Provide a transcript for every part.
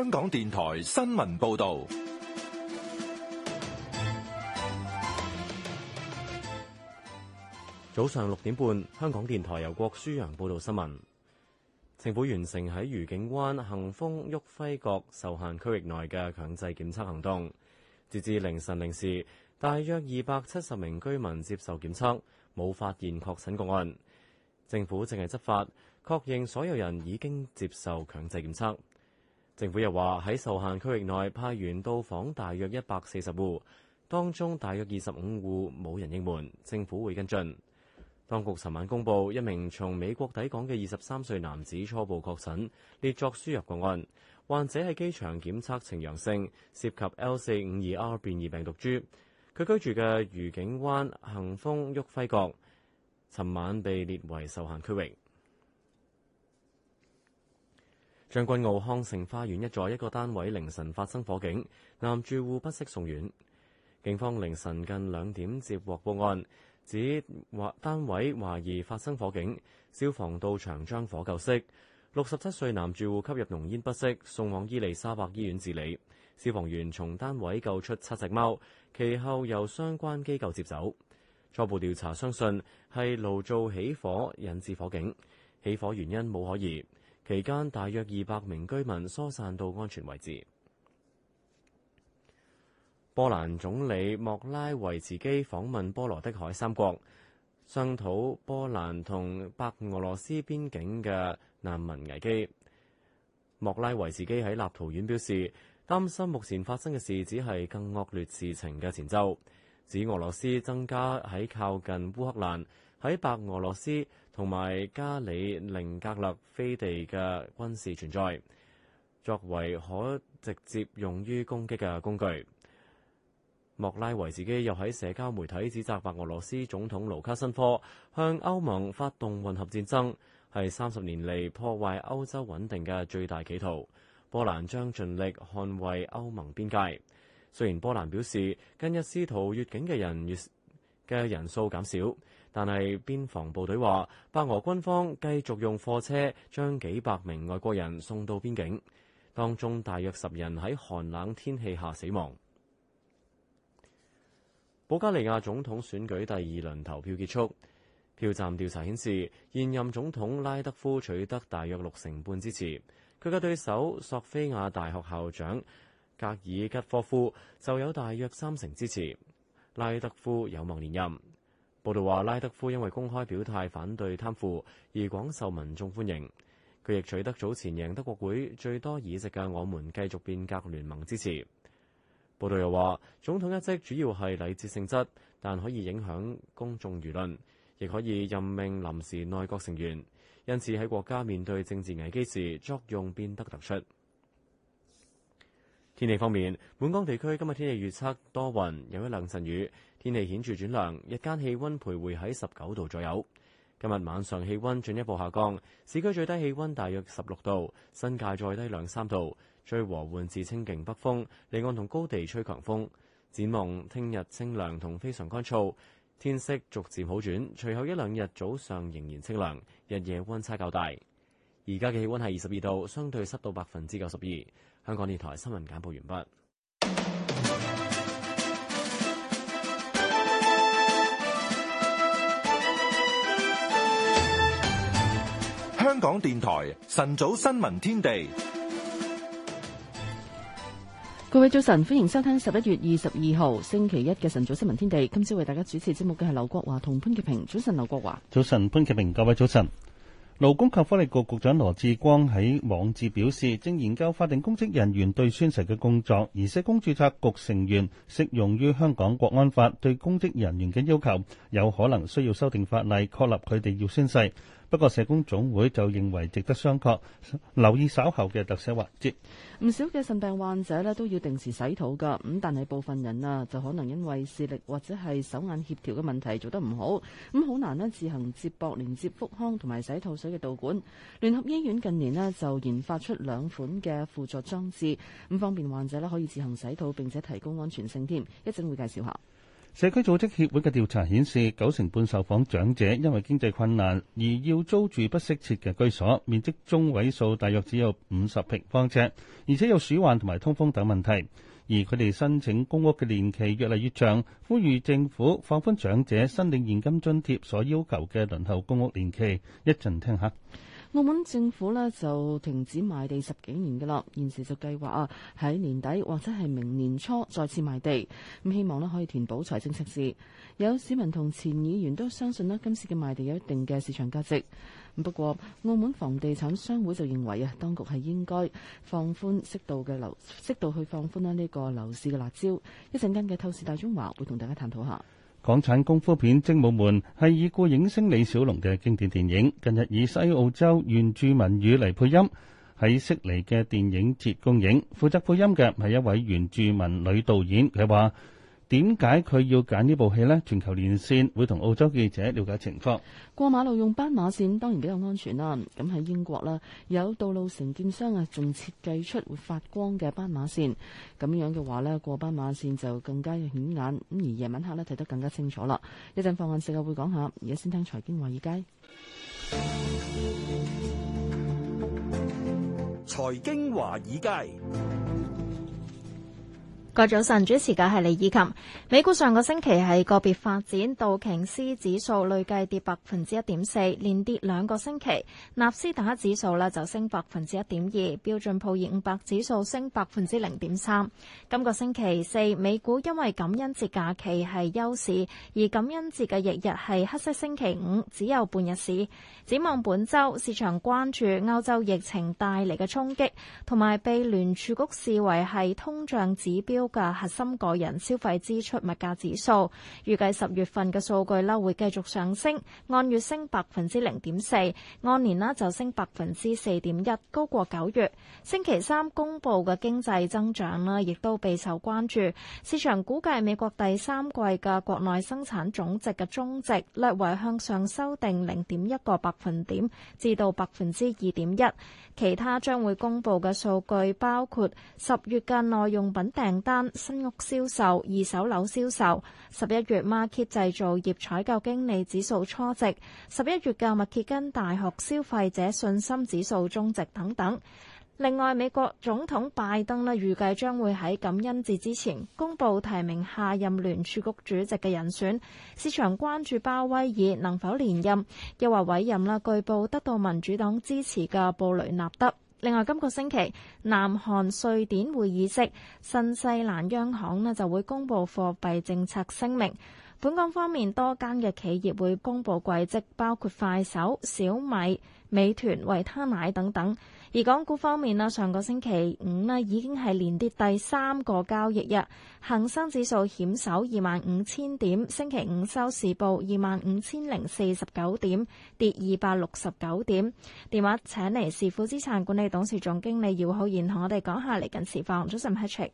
香港電台新聞報道，早上六點半，香港電台由郭書陽報道新聞。政府完成喺愉景灣、恒豐、旭輝閣受限區域內嘅強制檢測行動，截至凌晨零時，大約二百七十名居民接受檢測，冇發現確診個案。政府正係執法，確認所有人已經接受強制檢測。政府又話喺受限區域內派員到訪大約一百四十戶，當中大約二十五戶冇人應門，政府會跟進。當局尋晚公佈一名從美國抵港嘅二十三歲男子初步確診，列作輸入個案。患者係機場檢測呈陽性，涉及 L 四五二 R 變異病毒株。佢居住嘅愉景灣恒豐旭輝閣，尋晚被列為受限區域。將軍澳康盛花園一座一個單位凌晨發生火警，男住戶不適送院。警方凌晨近兩點接獲報案，指或單位懷疑發生火警，消防到場將火救熄。六十七歲男住戶吸入濃煙不適，送往伊利沙伯醫院治理。消防員從單位救出七隻貓，其後由相關機構接走。初步調查相信係爐灶起火引致火警，起火原因冇可疑。期間大約二百名居民疏散到安全位置。波蘭總理莫拉維茨基訪問波羅的海三國，商討波蘭同白俄羅斯邊境嘅難民危機。莫拉維茨基喺立陶宛表示，擔心目前發生嘅事只係更惡劣事情嘅前奏，指俄羅斯增加喺靠近烏克蘭、喺白俄羅斯同埋加里寧格勒飛地嘅軍事存在，作為可直接用於攻擊嘅工具。莫拉維茨基又喺社交媒體指責白俄羅斯總統盧卡申科向歐盟發動混合戰爭，係三十年嚟破壞歐洲穩定嘅最大企圖，波蘭將盡力捍衛歐盟邊界。雖然波蘭表示，近日試圖越境嘅人越嘅人數減少。但係，邊防部隊話，白俄軍方繼續用貨車將幾百名外國人送到邊境，當中大約十人喺寒冷天氣下死亡。保加利亞總統選舉第二輪投票結束，票站調查顯示現任總統拉德夫取得大約六成半支持，佢嘅對手索菲亞大學校長格爾吉科夫就有大約三成支持，拉德夫有望連任。報道話，拉德夫因為公開表態反對貪腐而廣受民眾歡迎，佢亦取得早前贏得國會最多議席嘅我們繼續變革聯盟支持。報道又話，總統一職主要係禮節性質，但可以影響公眾輿論，亦可以任命臨時內閣成員，因此喺國家面對政治危機時，作用變得突出。天氣方面，本港地區今日天，天氣預測多雲，有一兩陣雨。天氣顯著轉涼，日間氣溫徘徊喺十九度左右。今日晚上氣溫進一步下降，市區最低氣溫大約十六度，新界再低兩三度。吹和緩至清勁北風，離岸同高地吹強風。展望聽日清涼同非常乾燥，天色逐漸好轉，隨後一兩日早上仍然清涼，日夜溫差較大。而家嘅氣溫係二十二度，相對濕度百分之九十二。香港電台新聞簡報完畢。香港電台晨早新聞天地，各位早晨，歡迎收聽十一月二十二號星期一嘅晨早新聞天地。今朝為大家主持節目嘅係劉國華同潘潔平。早晨，劉國華。早晨，潘潔平。各位早晨。勞工及福利局局長羅志光喺網誌表示，正研究法定公職人員對宣誓嘅工作，而社工註冊局成員適用於香港國安法對公職人員嘅要求，有可能需要修訂法例，確立佢哋要宣誓。不過社工總會就認為值得商榷，留意稍後嘅特寫環節。唔少嘅腎病患者呢都要定時洗肚噶，咁但係部分人啊就可能因為視力或者係手眼協調嘅問題做得唔好，咁好難呢自行接駁連接腹腔同埋洗肚水嘅導管。聯合醫院近年呢就研發出兩款嘅輔助裝置，咁方便患者呢可以自行洗肚，並且提供安全性添。一陣會介紹下。社區組織協會嘅調查顯示，九成半受訪長者因為經濟困難而要租住不適切嘅居所，面積中位數大約只有五十平方尺，而且有鼠患同埋通風等問題。而佢哋申請公屋嘅年期越嚟越長，呼籲政府放寬長者申領現金津貼所要求嘅輪候公屋年期。一陣聽下。澳門政府呢就停止賣地十幾年噶啦，現時就計劃啊喺年底或者係明年初再次賣地，咁希望呢可以填補財政赤字。有市民同前議員都相信呢今次嘅賣地有一定嘅市場價值。不過澳門房地產商會就認為啊，當局係應該放寬適度嘅樓，適度去放寬啦呢個樓市嘅辣招。一陣間嘅透視大中華會同大家探討下。港產功夫片《精武門》係已故影星李小龍嘅經典電影，近日以西澳洲原住民語嚟配音，喺悉尼嘅電影節公映。負責配音嘅係一位原住民女導演，佢話：點解佢要揀呢部戲呢？全球連線會同澳洲記者了解情況。過馬路用斑馬線當然比較安全啦，啊。咁喺英國啦，有道路承建商啊，仲設計出會發光嘅斑馬線。咁樣嘅話咧，過斑馬線就更加顯眼。咁而夜晚黑咧睇得更加清楚啦。一陣放眼世界啊，會講下。而家先聽財經華爾街。財經華爾街。各位早晨，主持嘅係李以琴。美股上個星期係個別發展，道瓊斯指數累計跌百分之一點四，連跌兩個星期。納斯達克指數呢就升百分之一點二，標準普爾五百指數升百分之零點三。今個星期四美股因為感恩節假期係休市，而感恩節嘅翌日係黑色星期五，只有半日市。展望本周，市場關注歐洲疫情帶嚟嘅衝擊，同埋被聯儲局視為係通脹指標嘅核心個人消費支出物價指數預計十月份嘅數據啦，會繼續上升，按月升百分之零點四，按年啦就升百分之四點一，高過九月。星期三公布嘅經濟增長啦，亦都備受關注。市場估計美國第三季嘅國內生產總值嘅中值略為向上修訂零點一個百分點，至到百分之二點一。其他將會公布嘅數據包括十月嘅耐用品訂單。新屋銷售、二手樓銷售，十一月 Markit 製造業採購經理指數初值，十一月嘅密歇根大學消費者信心指數終值等等。另外，美國總統拜登咧預計將會喺感恩節之前公布提名下任聯儲局主席嘅人選，市場關注鮑威爾能否連任，又或委任啦據報得到民主黨支持嘅布雷納德。另外今個星期，南韓、瑞典會議息、新西蘭央行呢就會公布貨幣政策聲明。本港方面，多間嘅企業會公布季績，包括快手、小米、美團、維他奶等等。而港股方面咧，上個星期五咧已經係連跌第三個交易日，恒生指數險守二萬五千點，星期五收市報二萬五千零四十九點，跌二百六十九點。電話請嚟時富資產管理董事總經理姚浩然同我哋講下嚟緊市況。早晨，Patrick。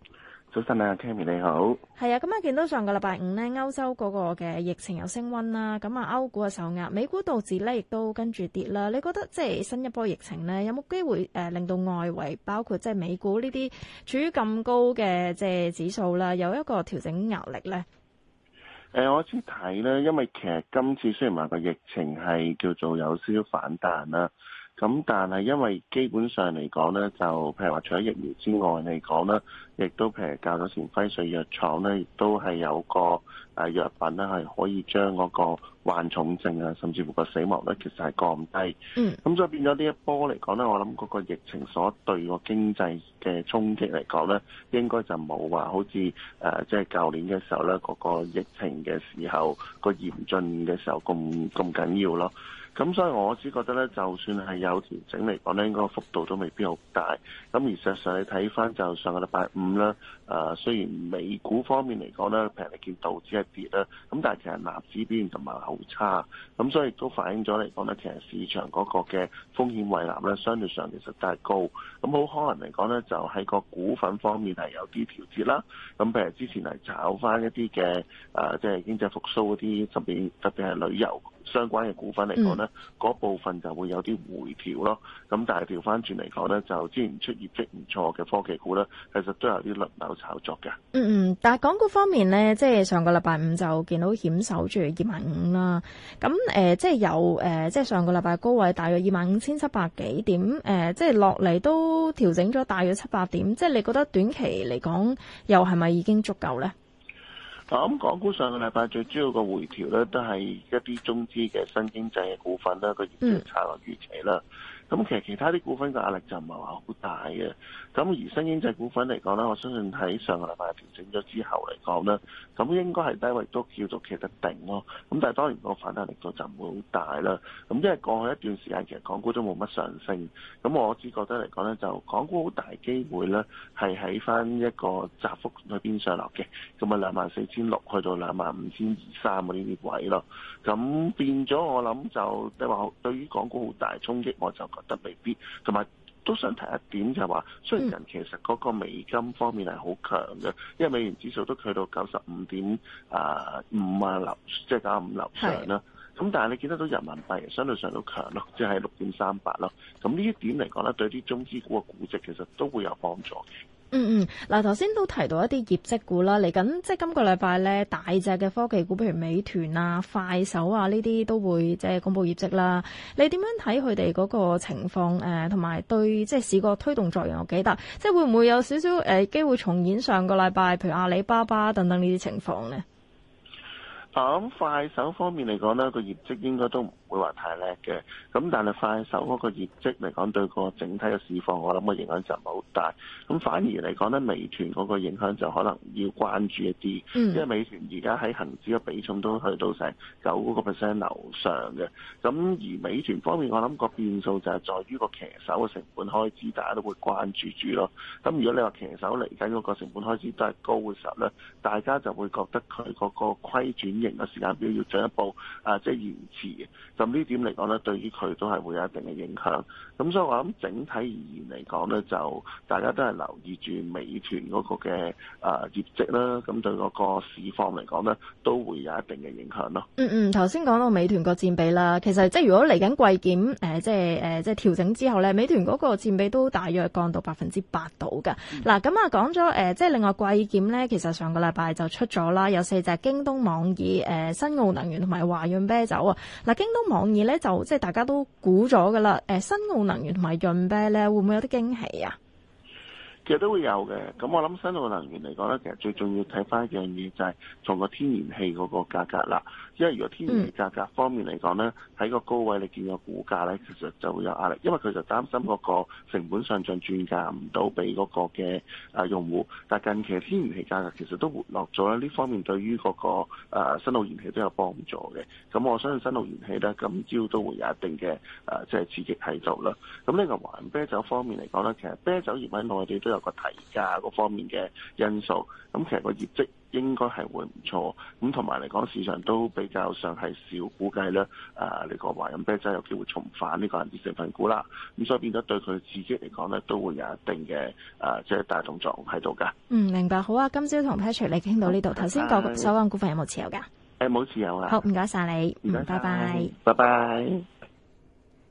早晨啊 Kami 你好。係啊，咁啊，見到上個禮拜五咧，歐洲嗰個嘅疫情又升温啦，咁啊，歐股嘅受壓，美股道指咧亦都跟住跌啦。你覺得即係新一波疫情咧，有冇機會誒令到外圍，包括即係美股呢啲處於咁高嘅即係指數啦，有一個調整壓力咧？誒、呃，我先睇咧，因為其實今次雖然話個疫情係叫做有少少反彈啦。咁但係因為基本上嚟講咧，就譬如話除咗疫苗之外嚟講咧，亦都譬如教咗前輝瑞藥廠咧，亦都係有個誒藥品咧，係可以將嗰個患重症啊，甚至乎個死亡率，其實係降低。嗯。咁所以變咗呢一波嚟講咧，我諗嗰個疫情所對個經濟嘅衝擊嚟講咧，應該就冇話好似誒即係舊年嘅時候咧，嗰個疫情嘅時候個嚴峻嘅時候咁咁緊要咯。咁所以我只覺得咧，就算係有調整嚟講咧，應該幅度都未必好大。咁而事實上，你睇翻就上個禮拜五啦。誒雖然美股方面嚟講咧，平日見道指係跌咧，咁但係其實納指邊就唔係好差，咁所以都反映咗嚟講咧，其實市場嗰個嘅風險胃納咧，相對上其實都係高，咁好可能嚟講咧，就喺個股份方面係有啲調節啦，咁譬如之前係炒翻一啲嘅誒，即係經濟復甦嗰啲，特別特別係旅遊相關嘅股份嚟講咧，嗰 mm. 部分就會有啲回調咯，咁但係調翻轉嚟講咧，就之前出業績唔錯嘅科技股咧，其實都有啲輪流。炒作嘅，嗯嗯，但係港股方面咧，即係上個禮拜五就見到險守住二萬五啦。咁誒、呃，即係有誒，即係上個禮拜高位大約二萬五千七百幾點，誒、呃，即係落嚟都調整咗大約七百點。即係你覺得短期嚟講，又係咪已經足夠咧？嗱、嗯，咁港股上個禮拜最主要個回調咧，都係一啲中資嘅新經濟嘅股份啦，佢業績差落預期啦。咁其實其他啲股份嘅壓力就唔係話好大嘅、啊。咁而新經濟股份嚟講呢，我相信喺上個禮拜調整咗之後嚟講呢，咁應該係低位都叫做企得定咯。咁但係當然個反彈力度就唔會好大啦。咁因為過去一段時間其實港股都冇乜上升，咁我只覺得嚟講呢，就港股好大機會呢係喺翻一個窄幅去邊上落嘅，咁啊兩萬四千六去到兩萬五千二三呢啲位咯。咁變咗我諗就你話對於港股好大衝擊，我就覺得未必同埋。都想提一點就係話，雖然人其實嗰個美金方面係好強嘅、嗯，因為美元指數都去到九十五點啊，五啊流，即係九十五流上啦。咁但係你見得到人民幣相對上都強咯，即係六點三八咯。咁呢一點嚟講咧，對啲中資股嘅估值其實都會有幫助嘅。嗯嗯，嗱，頭先都提到一啲業績股啦，嚟緊即係今個禮拜咧，大隻嘅科技股，譬如美團啊、快手啊呢啲都會即係公布業績啦。你點樣睇佢哋嗰個情況？誒，同埋對即係市個推動作用有幾大？即係會唔會有少少誒機會重演上個禮拜，譬如阿里巴巴等等呢啲情況咧？啊，咁、嗯、快手方面嚟講咧，個業績應該都。會話太叻嘅，咁但係快手嗰個業績嚟講，對個整體嘅市況，我諗個影響就唔係好大。咁反而嚟講咧，美團嗰個影響就可能要關注一啲、嗯，因為美團而家喺恒指嘅比重都去到成九嗰個 percent 樓上嘅。咁而美團方面，我諗個變數就係在於個騎手嘅成本開支，大家都會關注住咯。咁如果你話騎手嚟緊嗰個成本開支都係高嘅時候咧，大家就會覺得佢嗰個虧轉盈嘅時間表要進一步啊，即係延遲咁呢點嚟講咧，對於佢都係會有一定嘅影響。咁所以我諗，整體而言嚟講咧，就大家都係留意住美團嗰個嘅誒、呃、業績啦。咁對嗰個市況嚟講咧，都會有一定嘅影響咯。嗯嗯，頭先講到美團個佔比啦，其實即係如果嚟緊季檢即係即係調整之後咧，美團嗰個佔比都大約降到百分之八度㗎。嗱、嗯，咁啊講咗即係另外季檢咧，其實上個禮拜就出咗啦，有四隻、呃：京東、網易、新奧能源同埋華潤啤酒啊。嗱，京網易咧就即係大家都估咗噶啦，誒、呃，新奧能源同埋潤啤咧會唔會有啲驚喜啊？其實都會有嘅，咁我諗新奧能源嚟講咧，其實最重要睇翻一樣嘢就係從個天然氣嗰個價格啦。因為如果天然氣價格方面嚟講呢，喺個高位你見到個股價呢，其實就會有壓力，因為佢就擔心嗰個成本上漲轉嫁唔到俾嗰個嘅啊用戶。但近期天然氣價格其實都回落咗啦，呢方面對於嗰個新奧能源氣都有幫助嘅。咁我相信新奧能源氣呢，今朝都會有一定嘅啊即係刺激喺度啦。咁呢個華潤啤酒方面嚟講呢，其實啤酒業喺內地都有個提價嗰方面嘅因素。咁其實個業績。應該係會唔錯，咁同埋嚟講，市場都比較上係少估計咧。誒，你講華潤啤酒有機會重返呢個恆指成分股啦，咁所以變咗對佢自己嚟講咧，都會有一定嘅誒，即係大動作喺度㗎。嗯，明白。好啊，今朝同 Patrick 你傾到呢度。頭先個首安股份有冇持有㗎？誒、呃，冇持有啊。好，唔該晒你。唔、嗯、該，拜拜。拜拜。拜拜。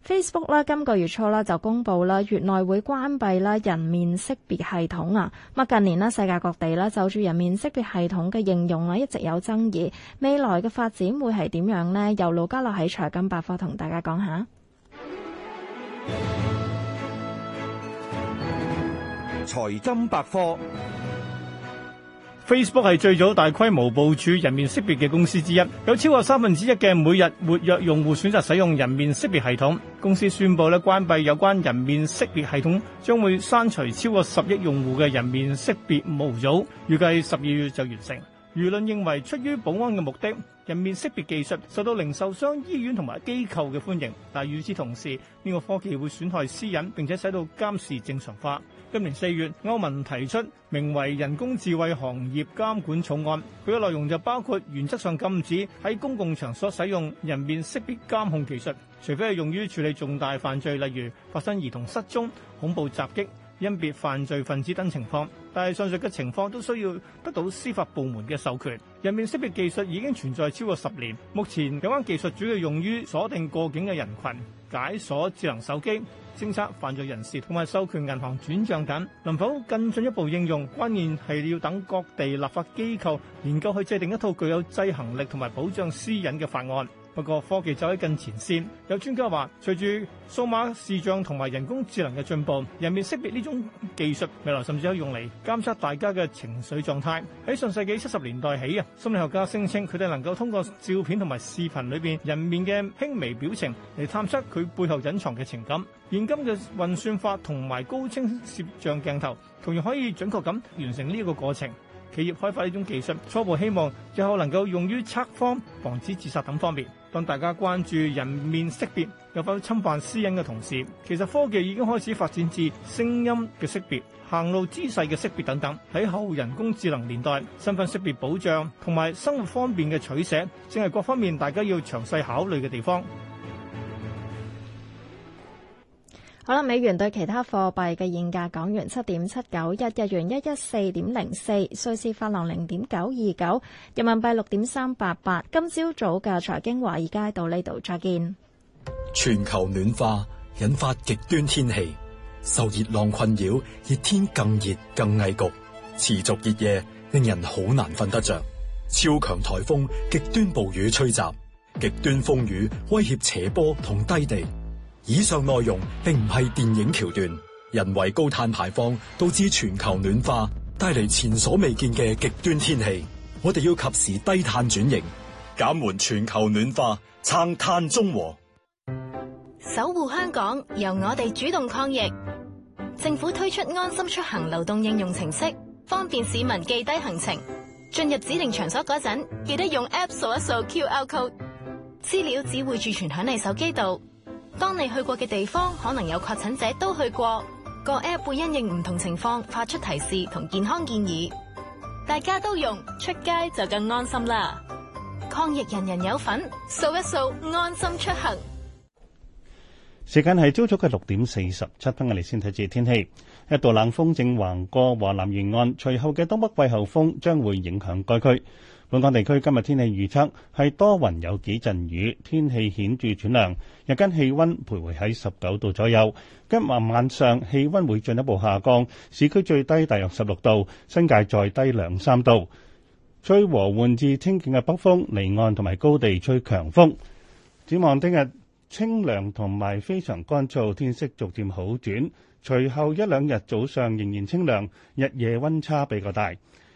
Facebook 啦，今個月初啦就公布啦，月內會關閉啦人面識別系統啊。咁近年啦，世界各地啦就住人面識別系統嘅應用啦，一直有爭議。未來嘅發展會係點樣呢？由盧嘉樂喺財金百科同大家講下。財金百科。Facebook 係最早大規模部署人面識別嘅公司之一，有超過三分之一嘅每日活躍用戶選擇使用人面識別系統。公司宣布咧關閉有關人面識別系統，將會刪除超過十億用戶嘅人面識別模組，預計十二月就完成。輿論認為，出於保安嘅目的，人面識別技術受到零售商、醫院同埋機構嘅歡迎，但係與此同時，呢個科技會損害私隱，並且使到監視正常化。今年四月，歐盟提出名為人工智慧行業監管草案，佢嘅內容就包括原則上禁止喺公共場所使用人面識別監控技術，除非係用於處理重大犯罪，例如發生兒童失蹤、恐怖襲擊、甄別犯罪分子等情況，但係上述嘅情況都需要得到司法部門嘅授權。人面識別技術已經存在超過十年，目前有關技術主要用於鎖定過境嘅人群。.解鎖智能手機，偵測犯罪人士同埋授權銀行轉賬等。能否更進一步應用，關鍵係要等各地立法機構研究去制定一套具有制衡力同埋保障私隱嘅法案。不過科技走喺近前線，有專家話，隨住數碼視像同埋人工智能嘅進步，人面識別呢種技術未來甚至可以用嚟監測大家嘅情緒狀態。喺上世紀七十年代起啊，心理學家聲稱佢哋能夠通過照片同埋視頻裏面人面嘅輕微表情嚟探測佢背後隱藏嘅情感。現今嘅運算法同埋高清攝像鏡頭同樣可以準確咁完成呢個過程。企業開發呢種技術，初步希望最後能夠用於測謊防止自殺等方面。當大家關注人面識別有否侵犯私隱嘅同時，其實科技已經開始發展至聲音嘅識別、行路姿勢嘅識別等等。喺後人工智能年代，身份識別保障同埋生活方便嘅取捨，正係各方面大家要詳細考慮嘅地方。好啦，美元兌其他貨幣嘅現價，港元七點七九一，日元一一四點零四，瑞士法郎零點九二九，人民幣六點三八八。今朝早嘅財經華爾街到呢度，再見。全球暖化引發極端天氣，受熱浪困擾，熱天更熱更危局，持續熱夜令人好難瞓得着。超強颱風、極端暴雨吹襲，極端風雨威脅斜坡同低地。以上內容並唔係電影橋段。人為高碳排放導致全球暖化，帶嚟前所未見嘅極端天氣。我哋要及時低碳轉型，減緩全球暖化，撐碳中和。守護香港，由我哋主動抗疫。政府推出安心出行流動應用程式，方便市民記低行程。進入指定場所嗰陣，記得用 App 掃一掃 QR code。資料只會儲存響你手機度。當你去過嘅地方可能有確診者都去過，個 App 會因應唔同情況發出提示同健康建議，大家都用出街就更安心啦。抗疫人人有份，掃一掃安心出行。時間係朝早嘅六點四十七分，我哋先睇住天氣，一道冷鋒正橫過華南沿岸，隨後嘅東北季候風將會影響該區。本港地區今日天氣預測係多雲有幾陣雨，天氣顯著轉涼，日間氣温徘徊喺十九度左右。今日晚上氣温會進一步下降，市區最低大約十六度，新界再低兩三度。吹和緩至清勁嘅北風，離岸同埋高地吹強風。展望聽日清涼同埋非常乾燥，天色逐漸好轉，隨後一兩日早上仍然清涼，日夜温差比較大。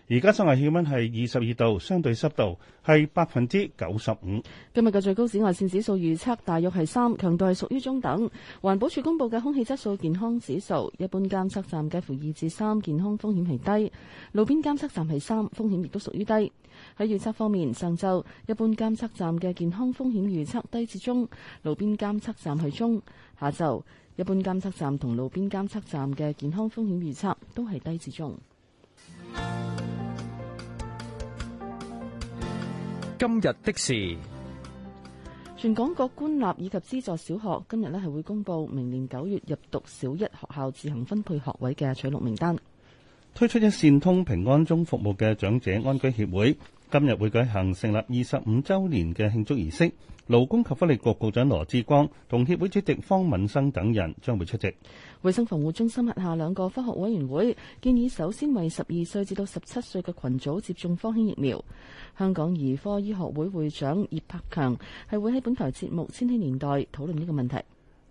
而家室外氣溫係二十二度，相對濕度係百分之九十五。今日嘅最高紫外綫指數預測大約係三，強度係屬於中等。環保署公布嘅空氣質素健康指數，一般監測站介乎二至三，健康風險係低；路邊監測站係三，風險亦都屬於低。喺預測方面，上晝一般監測站嘅健康風險預測低至中，路邊監測站係中；下晝一般監測站同路邊監測站嘅健康風險預測都係低至中。今日的事，全港各官立以及資助小學今日呢係會公布明年九月入讀小一學校自行分配學位嘅取錄名單。推出一線通平安鐘服務嘅長者安居協會，今日會舉行成立二十五周年嘅慶祝儀式。勞工及福利局局局長羅志光同協會主席方敏生等人將會出席。衛生防護中心轄下兩個科學委員會建議，首先為十二歲至到十七歲嘅群組接種科興疫苗。香港兒科醫學會會長葉柏強係會喺本台節目《千禧年代》討論呢個問題。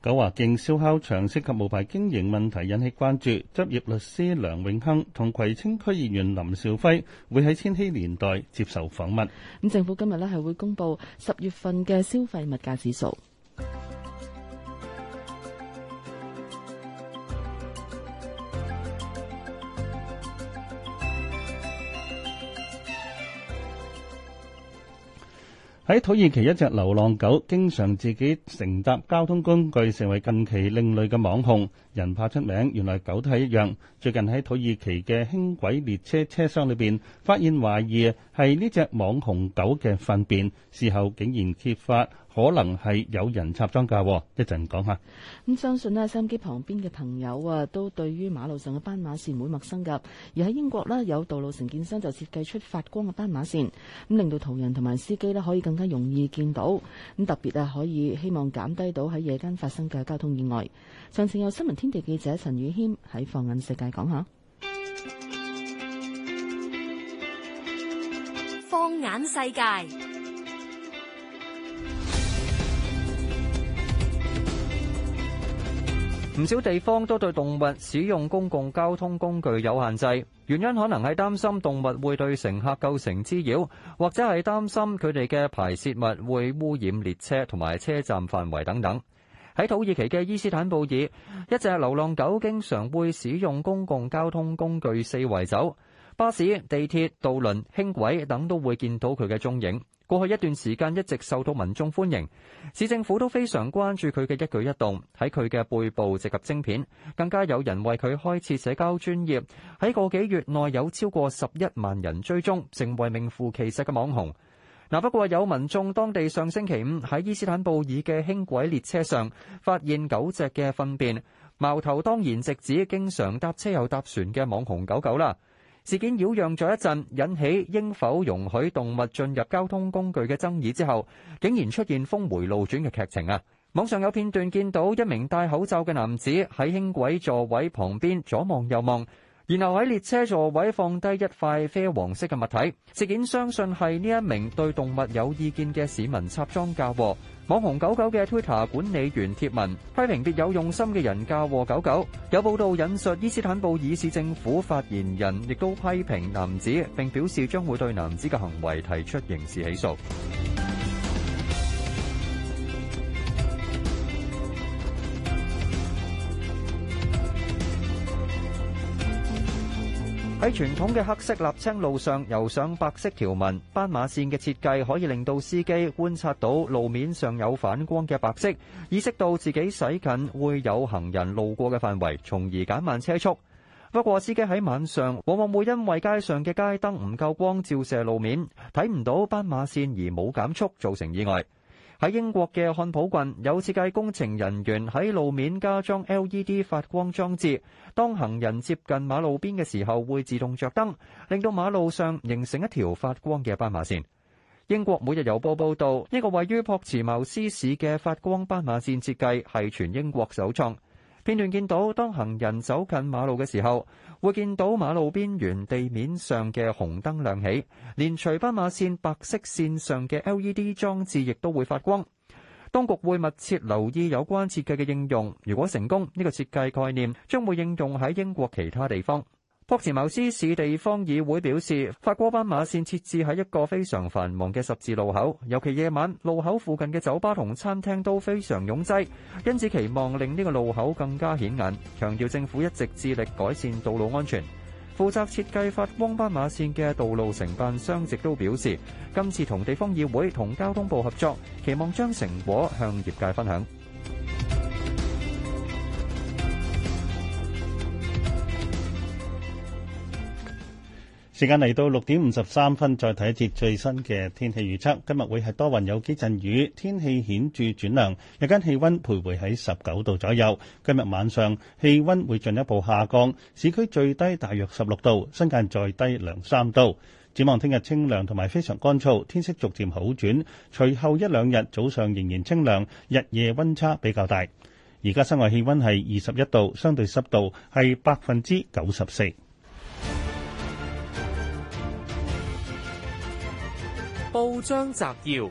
九華徑燒烤場涉及無牌經營問題引起關注，執業律師梁永亨同葵青區議員林兆輝會喺《千禧年代》接受訪問。咁政府今日咧係會公布十月份嘅消費物價指數。喺土耳其，一隻流浪狗經常自己乘搭交通工具，成為近期另類嘅網紅。人怕出名，原來狗都係一樣。最近喺土耳其嘅輕軌列車車廂裏邊，發現懷疑。係呢隻網紅狗嘅糞便，事後竟然揭發可能係有人插莊架，一陣講下。咁相信收音機旁邊嘅朋友啊，都對於馬路上嘅斑馬線唔會陌生噶。而喺英國呢，有道路承建商就設計出發光嘅斑馬線，咁令到途人同埋司機呢可以更加容易見到。咁特別啊，可以希望減低到喺夜間發生嘅交通意外。上次有新聞天地記者陳宇軒喺放眼世界講下。眼世界，唔少地方都對動物使用公共交通工具有限制，原因可能係擔心動物會對乘客構成滋擾，或者係擔心佢哋嘅排泄物會污染列車同埋車站範圍等等。喺土耳其嘅伊斯坦布爾，一隻流浪狗經常會使用公共交通工具四圍走。巴士、地鐵、渡輪、輕軌等都會見到佢嘅蹤影。過去一段時間一直受到民眾歡迎，市政府都非常關注佢嘅一舉一動，喺佢嘅背部植及晶片，更加有人為佢開設社交專業。喺個幾月內有超過十一萬人追蹤，成為名副其實嘅網紅。嗱，不過有民眾當地上星期五喺伊斯坦布爾嘅輕軌列車上發現狗隻嘅糞便，矛頭當然直指經常搭車又搭船嘅網紅狗狗啦。事件擾攘咗一陣，引起應否容許動物進入交通工具嘅爭議之後，竟然出現峰迴路轉嘅劇情啊！網上有片段見到一名戴口罩嘅男子喺輕軌座位旁邊左望右望，然後喺列車座位放低一塊啡黃色嘅物體。事件相信係呢一名對動物有意見嘅市民插贓嫁禍。網紅狗狗嘅 Twitter 管理員貼文批評別有用心嘅人嫁禍狗狗。有報道引述伊斯坦布爾市政府發言人，亦都批評男子，並表示將會對男子嘅行為提出刑事起訴。喺傳統嘅黑色瀝青路上油上白色條紋斑馬線嘅設計，可以令到司機觀察到路面上有反光嘅白色，意識到自己駛近會有行人路過嘅範圍，從而減慢車速。不過，司機喺晚上往往會因為街上嘅街燈唔夠光照射路面，睇唔到斑馬線而冇減速，造成意外。喺英國嘅漢普郡，有設計工程人員喺路面加裝 LED 發光裝置，當行人接近馬路邊嘅時候會自動着燈，令到馬路上形成一條發光嘅斑馬線。英國每日郵報報導，呢個位於朴茨茅斯市嘅發光斑馬線設計係全英國首創。片段見到，當行人走近馬路嘅時候，會見到馬路邊緣地面上嘅紅燈亮起，連隨斑馬線白色線上嘅 LED 裝置亦都會發光。當局會密切留意有關設計嘅應用，如果成功，呢個設計概念將會應用喺英國其他地方。樸茨茅斯市地方議會表示，發光斑馬線設置喺一個非常繁忙嘅十字路口，尤其夜晚路口附近嘅酒吧同餐廳都非常擁擠，因此期望令呢個路口更加顯眼，強調政府一直致力改善道路安全。負責設計發光斑馬線嘅道路承辦商亦都表示，今次同地方議會同交通部合作，期望將成果向業界分享。時間嚟到六點五十三分，再睇一節最新嘅天氣預測。今日會係多雲有幾陣雨，天氣顯著轉涼，日間氣温徘徊喺十九度左右。今日晚上氣温會進一步下降，市區最低大約十六度，新界再低兩三度。展望聽日清涼同埋非常乾燥，天色逐漸好轉。隨後一兩日早上仍然清涼，日夜温差比較大。而家室外氣温係二十一度，相對濕度係百分之九十四。報章摘要：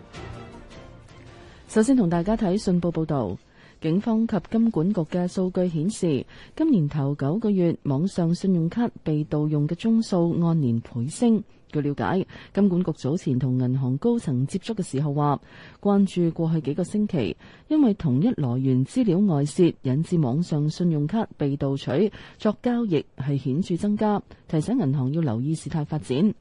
首先同大家睇信報報道，警方及金管局嘅數據顯示，今年頭九個月網上信用卡被盜用嘅宗數按年倍升。據了解，金管局早前同銀行高層接觸嘅時候話，關注過去幾個星期，因為同一來源資料外泄，引致網上信用卡被盜取作交易係顯著增加，提醒銀行要留意事態發展。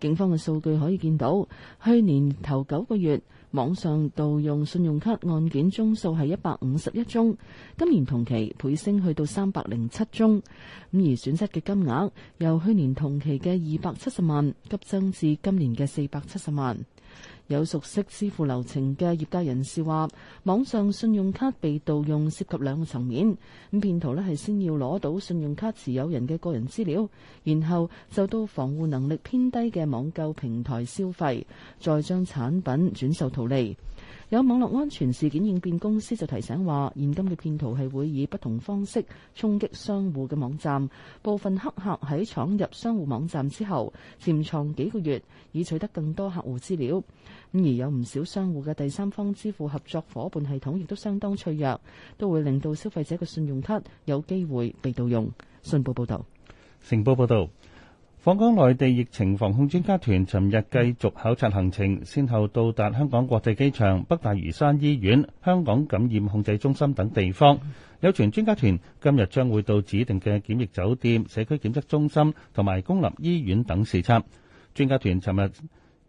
警方嘅數據可以見到，去年頭九個月網上盜用信用卡案件宗數係一百五十一宗，今年同期倍升去到三百零七宗，咁而損失嘅金額由去年同期嘅二百七十萬急增至今年嘅四百七十萬。有熟悉支付流程嘅業界人士話，網上信用卡被盜用涉及兩個層面，咁騙徒咧係先要攞到信用卡持有人嘅個人資料，然後就到防護能力偏低嘅網購平台消費，再將產品轉售圖利。有網絡安全事件應變公司就提醒話，現今嘅騙徒係會以不同方式衝擊商戶嘅網站。部分黑客喺闖入商戶網站之後，潛藏幾個月，以取得更多客戶資料。咁而有唔少商戶嘅第三方支付合作夥伴系統亦都相當脆弱，都會令到消費者嘅信用卡有機會被盜用。信報報道，成報報道。訪港內地疫情防控專家團尋日繼續考察行程，先後到達香港國際機場、北大嶼山醫院、香港感染控制中心等地方。有傳專家團今日將會到指定嘅檢疫酒店、社區檢測中心同埋公立醫院等視察。專家團尋日。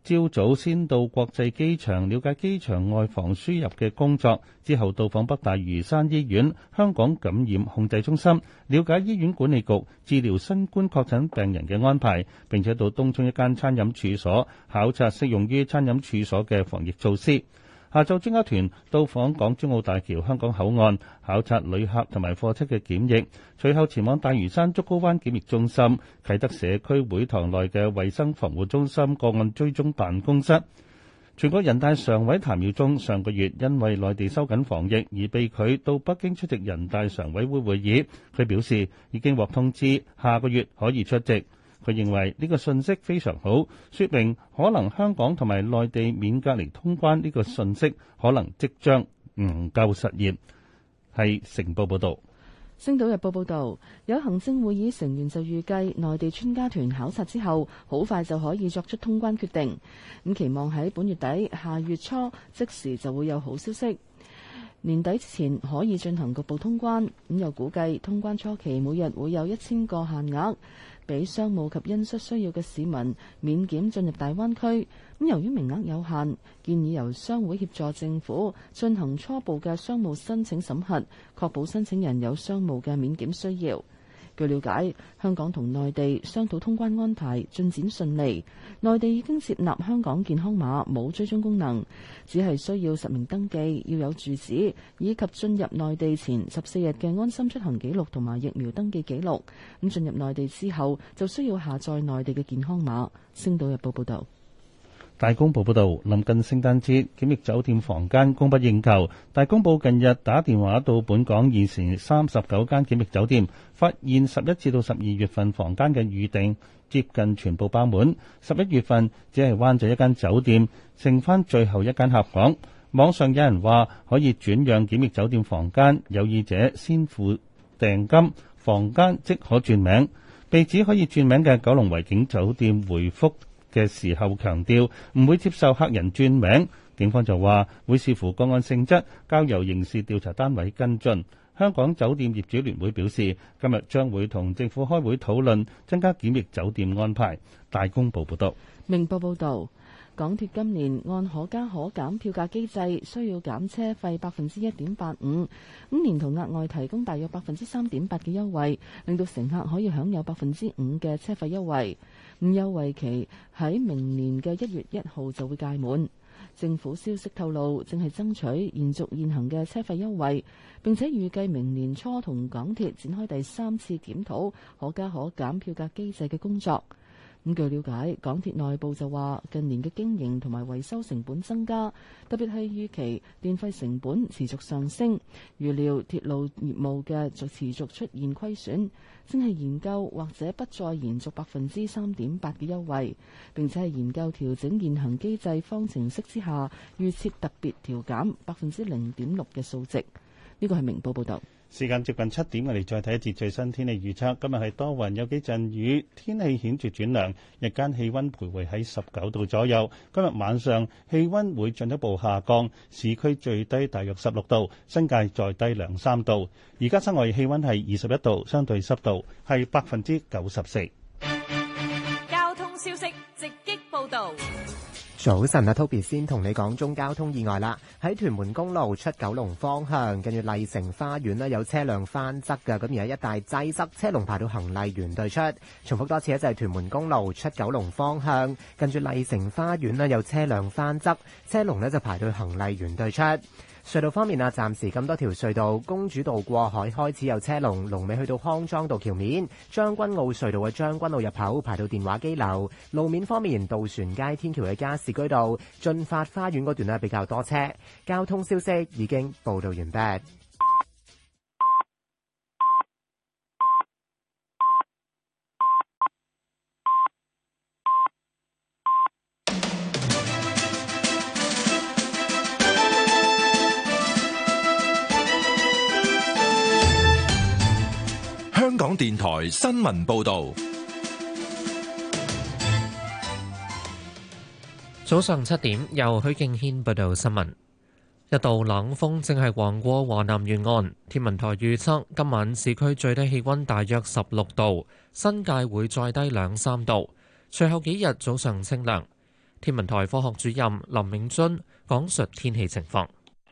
朝早先到國際機場了解機場外防輸入嘅工作，之後到訪北大嶼山醫院、香港感染控制中心，了解醫院管理局治療新冠確診病人嘅安排，並且到東涌一間餐飲處所考察適用於餐飲處所嘅防疫措施。下晝，專家團到訪港珠澳大橋香港口岸，考察旅客同埋貨車嘅檢疫，隨後前往大嶼山竹篙灣檢疫中心、啟德社區會堂內嘅衛生防護中心個案追蹤辦公室。全國人大常委譚耀宗上個月因為內地收緊防疫而被拒到北京出席人大常委會會議，佢表示已經獲通知，下個月可以出席。佢認為呢個信息非常好，説明可能香港同埋內地免隔離通關呢個信息可能即將能夠實現。係《成報》報道，《星島日報》報道有行政會議成員就預計內地專家團考察之後，好快就可以作出通關決定。咁期望喺本月底、下月初即時就會有好消息，年底之前可以進行局部通關。咁又估計通關初期每日會有一千個限額。俾商務及因需需要嘅市民免檢進入大灣區。咁由於名額有限，建議由商會協助政府進行初步嘅商務申請審核，確保申請人有商務嘅免檢需要。據了解，香港同內地商討通關安排進展順利，內地已經接納香港健康碼，冇追蹤功能，只係需要實名登記，要有住址，以及進入內地前十四日嘅安心出行記錄同埋疫苗登記記錄。咁進入內地之後就需要下載內地嘅健康碼。星島日報報道。大公報報導，臨近聖誕節，檢疫酒店房間供不應求。大公報近日打電話到本港現時三十九間檢疫酒店，發現十一至到十二月份房間嘅預訂接近全部爆滿。十一月份只係彎咗一間酒店，剩翻最後一間客房。網上有人話可以轉讓檢疫酒店房間，有意者先付訂金，房間即可轉名。被指可以轉名嘅九龍維景酒店回覆嘅時候強調唔會接受客人轉名，警方就話會視乎個案性質，交由刑事調查單位跟進。香港酒店業主聯會表示，今日將會同政府開會討論增加檢疫酒店安排。大公報報道，明報報道。港鐵今年按可加可減票價機制，需要減車費百分之一點八五，連同額外提供大約百分之三點八嘅優惠，令到乘客可以享有百分之五嘅車費優惠。咁優惠期喺明年嘅一月一號就會屆滿。政府消息透露，正係爭取延續現行嘅車費優惠，並且預計明年初同港鐵展開第三次檢討可加可減票價機制嘅工作。咁據了解，港鐵內部就話近年嘅經營同埋維修成本增加，特別係預期電費成本持續上升，預料鐵路業務嘅持續出現虧損，正係研究或者不再延續百分之三點八嘅優惠，並且係研究調整現行機制方程式之下預設特別調減百分之零點六嘅數值。呢個係明報報道。時間接近七點，我哋再睇一次最新天氣預測。今日係多雲，有幾陣雨，天氣顯著轉涼，日間氣溫徘徊喺十九度左右。今日晚上氣溫會進一步下降，市區最低大約十六度，新界再低兩三度。而家室外氣溫係二十一度，相對濕度係百分之九十四。早晨啊，Toby 先同你講中交通意外啦，喺屯門公路出九龍方向，近住麗城花園呢有車輛翻側噶，咁而家一帶擠塞，車龍排到恆麗園對出。重複多次呢，就係屯門公路出九龍方向，近住麗城花園呢有車輛翻側，車龍呢就排到恆麗園對出。隧道方面啊，暫時咁多條隧道，公主道過海開始有車龍，龍尾去到康莊道橋面；將軍澳隧道嘅將軍澳入口排到電話機樓。路面方面，渡船街天橋嘅加士居道、進發花園嗰段呢比較多車。交通消息已經報導完畢。香港電台新聞報道。早上七點，由許敬軒報道新聞。一道冷鋒正係橫過華南沿岸，天文台預測今晚市區最低氣温大約十六度，新界會再低兩三度。隨後幾日早上清涼。天文台科學主任林永津講述天氣情況。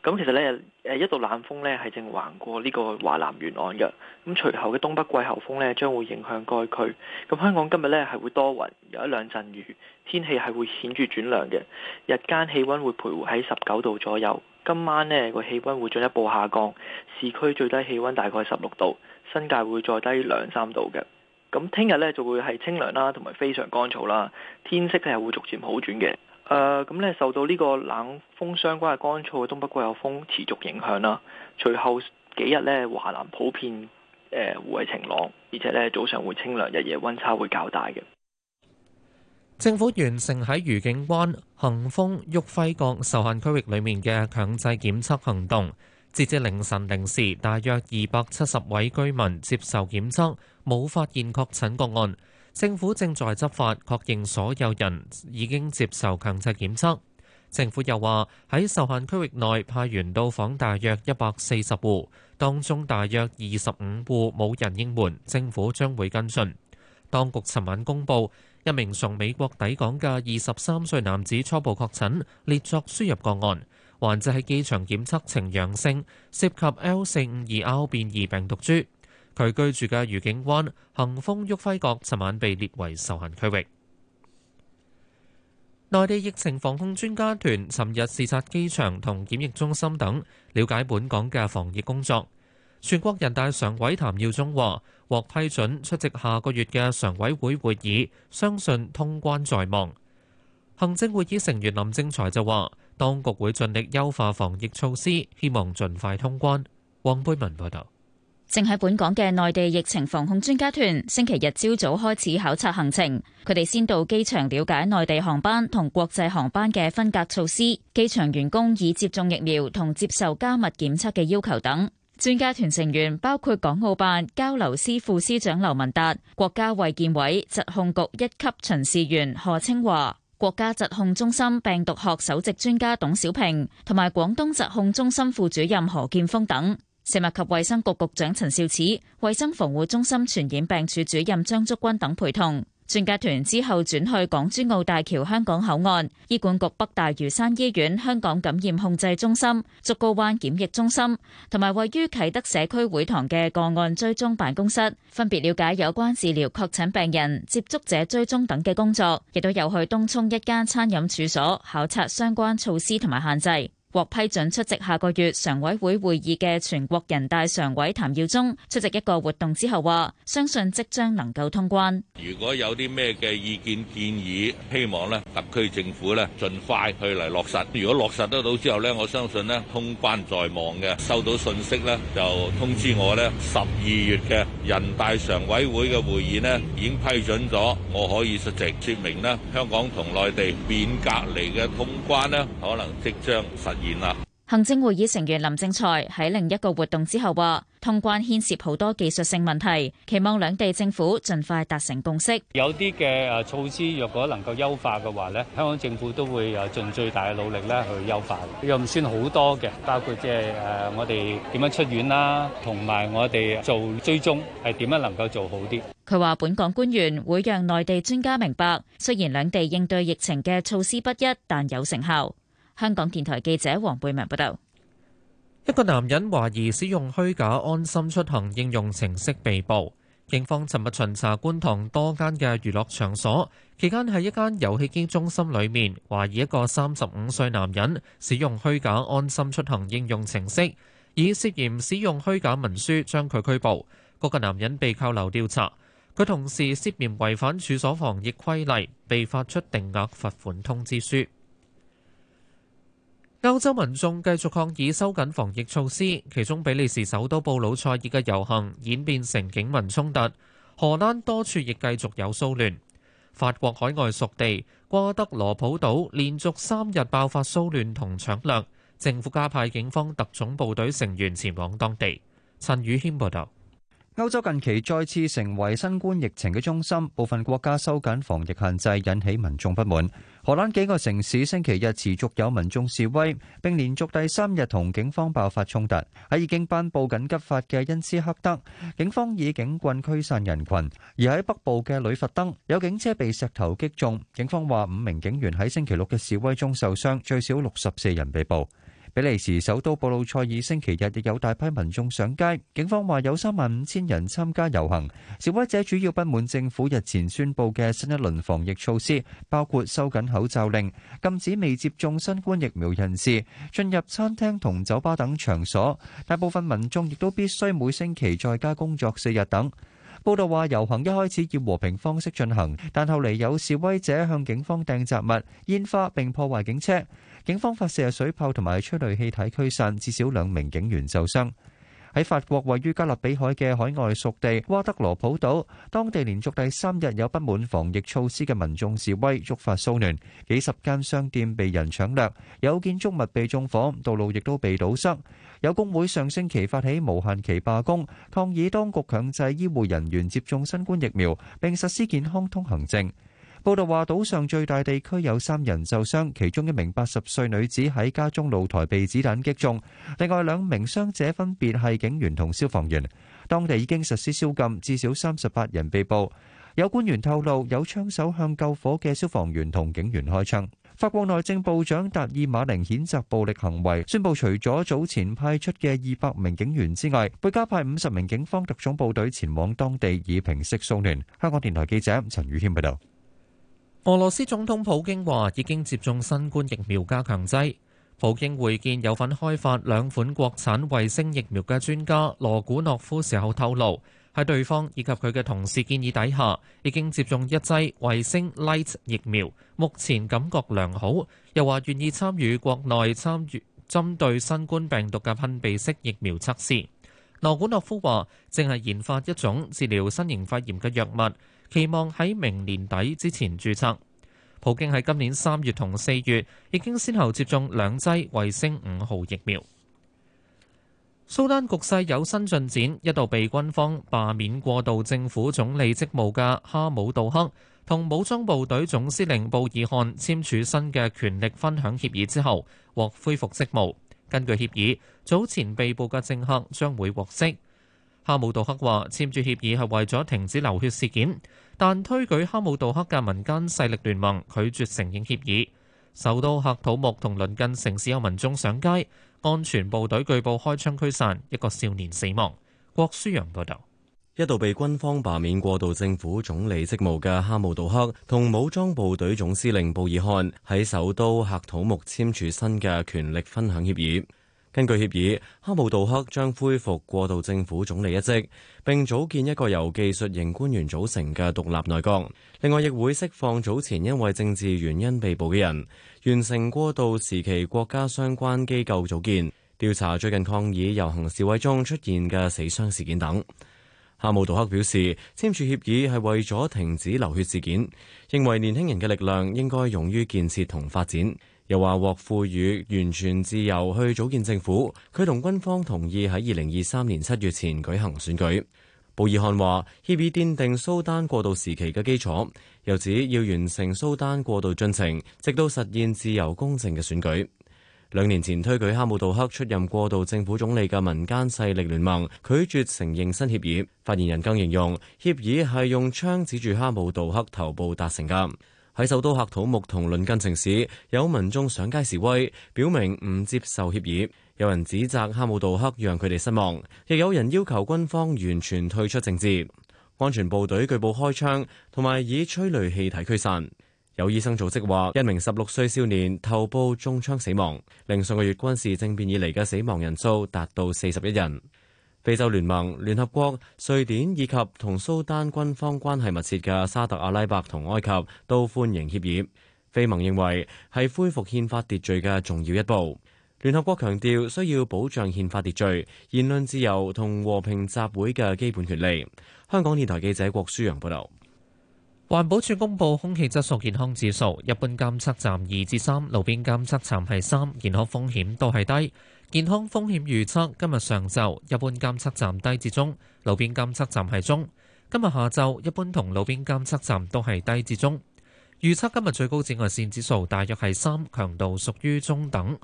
咁其實呢，誒一度冷風呢係正橫過呢個華南沿岸嘅，咁隨後嘅東北季候風呢，將會影響該區。咁香港今日呢係會多雲，有一兩陣雨，天氣係會顯著轉涼嘅，日間氣温會徘徊喺十九度左右。今晚呢個氣温會進一步下降，市區最低氣温大概十六度，新界會再低兩三度嘅。咁聽日呢就會係清涼啦，同埋非常乾燥啦，天色呢係會逐漸好轉嘅。誒、嗯，咁咧受到呢個冷鋒相關嘅、乾燥嘅東北季候風持續影響啦，隨後幾日呢，華南普遍誒會、呃、係晴朗，而且咧早上會清涼，日夜溫差會較大嘅。政府完成喺愉景灣、恒豐、旭輝閣受限區域裏面嘅強制檢測行動，截至凌晨零時，大約二百七十位居民接受檢測，冇發現確診個案。政府正在執法，確認所有人已經接受強制檢測。政府又話喺受限區域內派員到訪大約一百四十戶，當中大約二十五戶冇人應門，政府將會跟進。當局尋晚公布一名從美國抵港嘅二十三歲男子初步確診，列作輸入個案，患者喺機場檢測呈陽性，涉及 L 四五二 R 變異病毒株。佢居住嘅愉景灣恒豐旭輝閣，尋晚被列為受限區域。內地疫情防控專家團尋日視察機場同檢疫中心等，了解本港嘅防疫工作。全國人大常委譚耀、耀宗話獲批准出席下個月嘅常委會會議，相信通關在望。行政會議成員林正財就話，當局會盡力優化防疫措施，希望盡快通關。黃佩文報道。正喺本港嘅內地疫情防控專家團星期日朝早開始考察行程，佢哋先到機場了解內地航班同國際航班嘅分隔措施、機場員工已接種疫苗同接受加密檢測嘅要求等。專家團成員包括港澳辦交流司副司長劉文達、國家衛健委疾控局一級巡視員何清華、國家疾控中心病毒學首席專家董小平同埋廣東疾控中心副主任何建峰等。食物及衛生局局長陳肇始、衛生防護中心傳染病處主任張竹君等陪同專家團之後轉去港珠澳大橋香港口岸、醫管局北大嶼山醫院香港感染控制中心、竹篙灣檢疫中心，同埋位於啟德社區會堂嘅個案追蹤辦公室，分別了解有關治療、確診病人、接觸者追蹤等嘅工作，亦都有去東涌一間餐飲處所考察相關措施同埋限制。獲批准出席下個月常委會會議嘅全國人大常委譚耀宗出席一個活動之後，話相信即將能夠通關。如果有啲咩嘅意見建議，希望呢特區政府呢盡快去嚟落實。如果落實得到之後，我相信呢通關在望嘅，收到信息，呢，就通知我呢十二月嘅人大常委會嘅會議已經批准咗。我可以出席説明香港同內地免隔離嘅通關，可能即將實際行政會議成員林正財喺另一個活動之後話：通關牽涉好多技術性問題，期望兩地政府盡快達成共識。有啲嘅誒措施，若果能夠優化嘅話呢，香港政府都會誒盡最大嘅努力咧去優化，又唔算好多嘅，包括即係誒我哋點樣出院啦，同埋我哋做追蹤係點樣能夠做好啲。佢話：本港官員會讓內地專家明白，雖然兩地應對疫情嘅措施不一，但有成效。香港電台記者黃貝文報道：一個男人懷疑使用虛假安心出行應用程式被捕，警方尋日巡查觀塘多間嘅娛樂場所，期間喺一間遊戲機中心裏面，懷疑一個三十五歲男人使用虛假安心出行應用程式，以涉嫌使用虛假文書將佢拘捕。嗰個男人被扣留調查，佢同時涉嫌違反處所防疫規例，被發出定額罰款通知書。歐洲民眾繼續抗議收緊防疫措施，其中比利時首都布魯塞爾嘅遊行演變成警民衝突。荷蘭多處亦繼續有騷亂。法國海外屬地瓜德羅普島連續三日爆發騷亂同搶掠，政府加派警方特種部隊成員前往當地。陳宇謙報道。歐洲近期再次成為新冠疫情嘅中心，部分國家收緊防疫限制，引起民眾不滿。荷蘭幾個城市星期日持續有民眾示威，並連續第三日同警方爆發衝突。喺已經頒布緊急法嘅恩斯克德，警方以警棍驅散人群，而喺北部嘅里弗登，有警車被石頭擊中，警方話五名警員喺星期六嘅示威中受傷，最少六十四人被捕。比利時首都布魯塞爾星期日亦有大批民眾上街，警方話有三萬五千人參加遊行。示威者主要不滿政府日前宣布嘅新一輪防疫措施，包括收緊口罩令、禁止未接種新冠疫苗人士進入餐廳同酒吧等場所。大部分民眾亦都必須每星期在家工作四日等。報道話遊行一開始以和平方式進行，但後嚟有示威者向警方掟雜物、煙花並破壞警車。警方發射水炮同埋催淚氣體驅散，至少兩名警員受傷。喺法國位於加勒比海嘅海外屬地瓜德羅普島，當地連續第三日有不滿防疫措施嘅民眾示威，觸發騷亂，幾十間商店被人搶掠，有建築物被縱火，道路亦都被堵塞。有工會上星期發起無限期罷工，抗議當局強制醫護人員接種新冠疫苗，並實施健康通行證。報道話，島上最大地區有三人受傷，其中一名八十歲女子喺家中露台被子彈擊中。另外兩名傷者分別係警員同消防員。當地已經實施宵禁，至少三十八人被捕。有官員透露，有槍手向救火嘅消防員同警員開槍。法國內政部長達爾馬寧譴責暴力行為，宣布除咗早前派出嘅二百名警員之外，會加派五十名警方特種部隊前往當地以平息騷亂。香港電台記者陳宇謙報道。俄羅斯總統普京話已經接種新冠疫苗加強劑。普京會見有份開發兩款國產衛星疫苗嘅專家羅古諾夫時候透露，喺對方以及佢嘅同事建議底下，已經接種一劑衛星 Light 疫苗，目前感覺良好。又話願意參與國內參與針對新冠病毒嘅噴鼻式疫苗測試。羅古諾夫話正係研發一種治療新型肺炎嘅藥物。期望喺明年底之前註冊。普京喺今年三月同四月已經先後接種兩劑衛星五號疫苗。蘇丹局勢有新進展，一度被軍方罷免過渡政府總理職務嘅哈姆杜克，同武裝部隊總司令布爾漢簽署新嘅權力分享協議之後，獲恢復職務。根據協議，早前被捕嘅政客將會獲釋。哈姆杜克話簽住協議係為咗停止流血事件，但推舉哈姆杜克嘅民間勢力聯盟拒絕承認協議。首都喀土木同鄰近城市有民眾上街，安全部隊據報開槍驅散，一個少年死亡。郭舒陽報道，一度被軍方罷免過渡政府總理職務嘅哈姆杜克同武裝部隊總司令布爾漢喺首都喀土木簽署新嘅權力分享協議。根據協議，哈姆杜克將恢復過渡政府總理一職，並組建一個由技術型官員組成嘅獨立內閣。另外，亦會釋放早前因為政治原因被捕嘅人，完成過渡時期國家相關機構組建，調查最近抗議遊行示威中出現嘅死傷事件等。哈姆杜克表示，簽署協議係為咗停止流血事件，認為年輕人嘅力量應該用於建設同發展。又話獲賦予完全自由去組建政府，佢同軍方同意喺二零二三年七月前舉行選舉。布爾漢話協議奠定蘇丹過渡時期嘅基礎，又指要完成蘇丹過渡進程，直到實現自由公正嘅選舉。兩年前推舉哈姆杜克出任過渡政府總理嘅民間勢力聯盟拒絕承認新協議。發言人更形容協議係用槍指住哈姆杜克頭部達成㗎。喺首都喀土穆同鄰近城市，有民眾上街示威，表明唔接受協議。有人指責哈姆道克讓佢哋失望，亦有人要求軍方完全退出政治。安全部隊據報開槍，同埋以催淚氣體驅散。有醫生組織話，一名十六歲少年頭部中槍死亡，令上個月軍事政變以嚟嘅死亡人數達到四十一人。非洲聯盟、聯合國、瑞典以及同蘇丹軍方關係密切嘅沙特阿拉伯同埃及都歡迎協議。非盟認為係恢復憲法秩序嘅重要一步。聯合國強調需要保障憲法秩序、言論自由同和平集會嘅基本權利。香港電台記者郭舒揚報道。環保署公布空氣質素健康指數，一般監測站二至三，路邊監測站係三，健康風險都係低。健康風險預測今日上晝一般監測站低至中，路邊監測站係中。今日下晝一般同路邊監測站都係低至中。預測今日最高紫外線指數大約係三，強度屬於中等。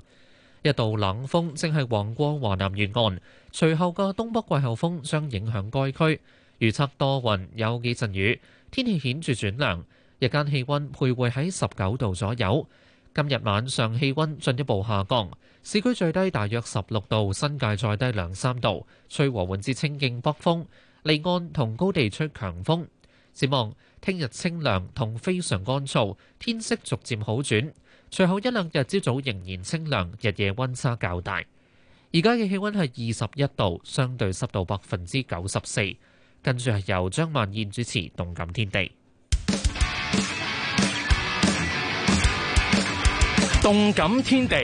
一道冷鋒正係橫過華南沿岸，隨後嘅東北季候風將影響該區，預測多雲，有幾陣雨。天氣顯著轉涼，日間氣温徘徊喺十九度左右。今日晚上氣温進一步下降，市區最低大約十六度，新界再低兩三度。吹和緩至清勁北風，離岸同高地吹強風。展望聽日清涼同非常乾燥，天色逐漸好轉。隨後一兩日朝早仍然清涼，日夜温差較大。而家嘅氣温係二十一度，相對濕度百分之九十四。跟住係由張曼燕主持《動感天地》。《動感天地》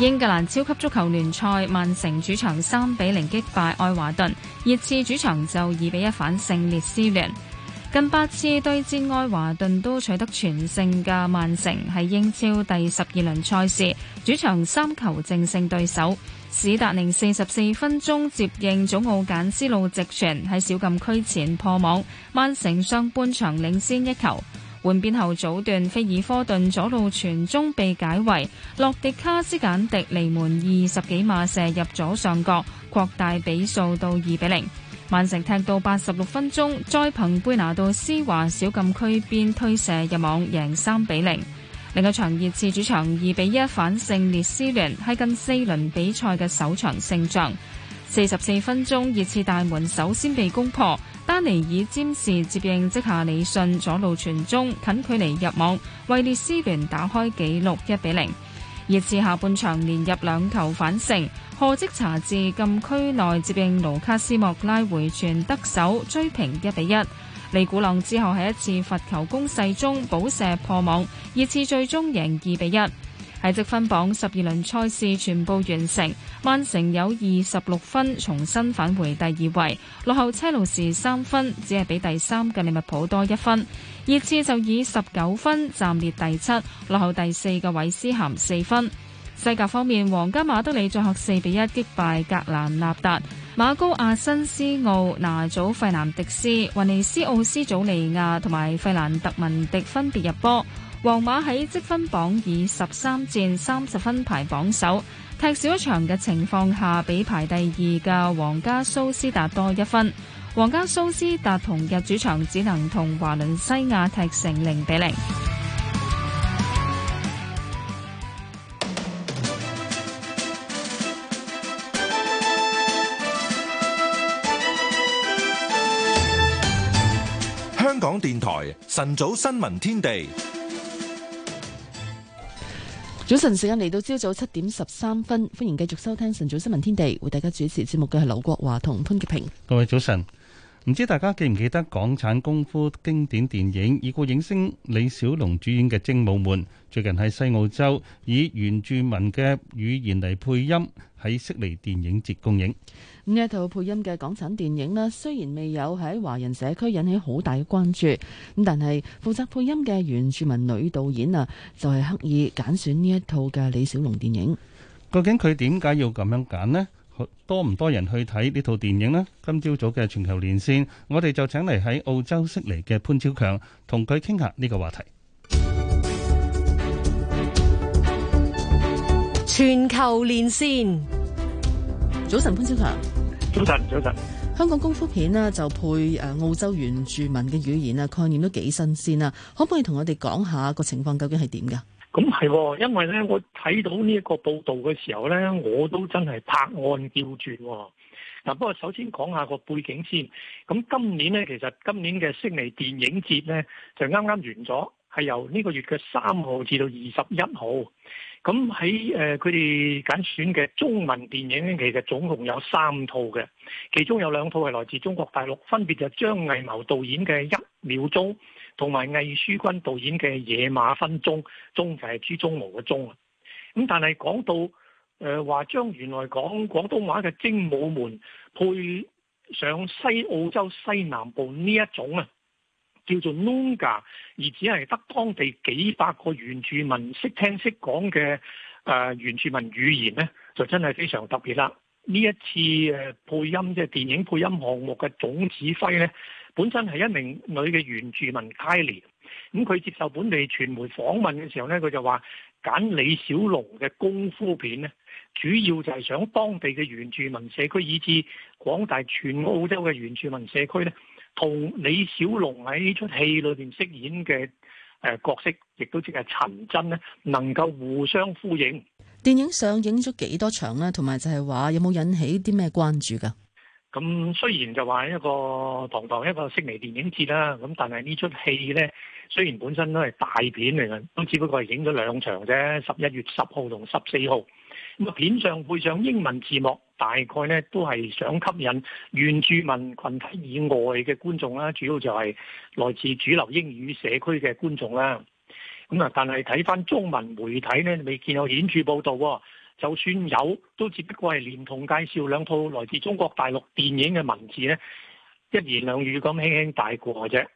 英格蘭超級足球聯賽，曼城主場三比零擊敗愛華頓，熱刺主場就二比一反勝列斯聯。近八次對戰愛華頓都取得全勝嘅曼城，喺英超第十二輪賽事主場三球淨勝對手。史達寧四十四分鐘接應祖奧簡斯路直傳喺小禁區前破網，曼城上半場領先一球。換邊後早段，菲爾科頓左路傳中被解圍，洛迪卡斯簡迪離門二十幾碼射入左上角，擴大比數到二比零。曼城踢到八十六分鐘，再憑貝拿度施華小禁區邊推射入網，贏三比零。另一場熱刺主場二比一反勝列斯聯，係近四輪比賽嘅首場勝仗。四十四分鐘，熱刺大門首先被攻破，丹尼爾占士接應即下李信左路傳中，近距離入網，為列斯聯打開紀錄一比零。熱刺下半場連入兩球反勝，賀積查治禁區內接應盧卡斯莫拉回傳得手追平一比一。利古朗之後喺一次罰球攻勢中補射破網，熱刺最終贏二比一。喺積分榜十二輪賽事全部完成，曼城有二十六分，重新返回第二位，落後車路士三分，只係比第三嘅利物浦多一分。熱刺就以十九分暫列第七，落後第四嘅韋斯咸四分。西甲方面，皇家馬德里在客四比一擊敗格蘭納達。馬高、阿辛斯奧、拿祖、費南迪斯、雲尼斯、奧斯祖尼亞同埋費蘭特文迪分別入波。皇馬喺積分榜以十三戰三十分排榜首，踢少一場嘅情況下，比排第二嘅皇家蘇斯達多一分。皇家蘇斯達同日主場只能同華倫西亞踢成零比零。電台晨早新聞天地，早晨時間嚟到朝早七點十三分，歡迎繼續收聽晨早新聞天地，為大家主持節目嘅係劉國華同潘潔平。各位早晨，唔知大家記唔記得港產功夫經典電影，已故影星李小龍主演嘅《精武門》，最近喺西澳洲以原住民嘅語言嚟配音，喺悉尼電影節公映。呢一套配音嘅港產電影咧，雖然未有喺華人社區引起好大嘅關注，咁但係負責配音嘅原住民女導演啊，就係刻意揀選呢一套嘅李小龍電影。究竟佢點解要咁樣揀呢？多唔多人去睇呢套電影呢？今朝早嘅全球連線，我哋就請嚟喺澳洲悉尼嘅潘超強，同佢傾下呢個話題。全球連線，早晨，潘超強。早晨，早晨。香港功夫片咧就配誒澳洲原住民嘅語言啊，概念都幾新鮮啊。可唔可以同我哋講下個情況究竟係點噶？咁、嗯、係，因為咧我睇到呢一個報道嘅時候咧，我都真係拍案叫絕、哦。嗱、啊，不過首先講下個背景先。咁、嗯、今年咧，其實今年嘅悉尼電影節咧就啱啱完咗，係由呢個月嘅三號至到二十一號。咁喺誒佢哋揀選嘅中文電影，其實總共有三套嘅，其中有兩套係來自中國大陸，分別就張藝謀導演嘅《一秒鐘》同埋魏書君導演嘅《野馬分鬃》，鬃就係豬鬃毛嘅鬃》。啊。咁但係講到誒話、呃、將原來講廣東話嘅《精武門》配上西澳洲西南部呢一種啊。叫做 Nunga，而只係得當地幾百個原住民識聽識講嘅、呃、原住民語言咧，就真係非常特別啦！呢一次配音即係電影配音項目嘅總指揮咧，本身係一名女嘅原住民 Kylie。咁、嗯、佢接受本地傳媒訪問嘅時候咧，佢就話揀李小龍嘅功夫片咧，主要就係想當地嘅原住民社區，以至廣大全澳洲嘅原住民社區咧，同李小龍喺呢出戲裏邊飾演嘅、呃、角色，亦都即係陳真咧，能夠互相呼應。電影上映咗幾多場咧？同埋就係話有冇引起啲咩關注噶？咁、嗯、雖然就話一個堂堂一個悉尼電影節啦，咁但係呢出戲咧，雖然本身都係大片嚟嘅，都只不過係影咗兩場啫。十一月十號同十四號，咁啊片上配上英文字幕。大概咧都係想吸引原住民群體以外嘅觀眾啦，主要就係來自主流英語社區嘅觀眾啦。咁啊，但係睇翻中文媒體呢，未見有顯著報導。就算有，都只不過係連同介紹兩套來自中國大陸電影嘅文字呢，一言兩語咁輕輕帶過啫。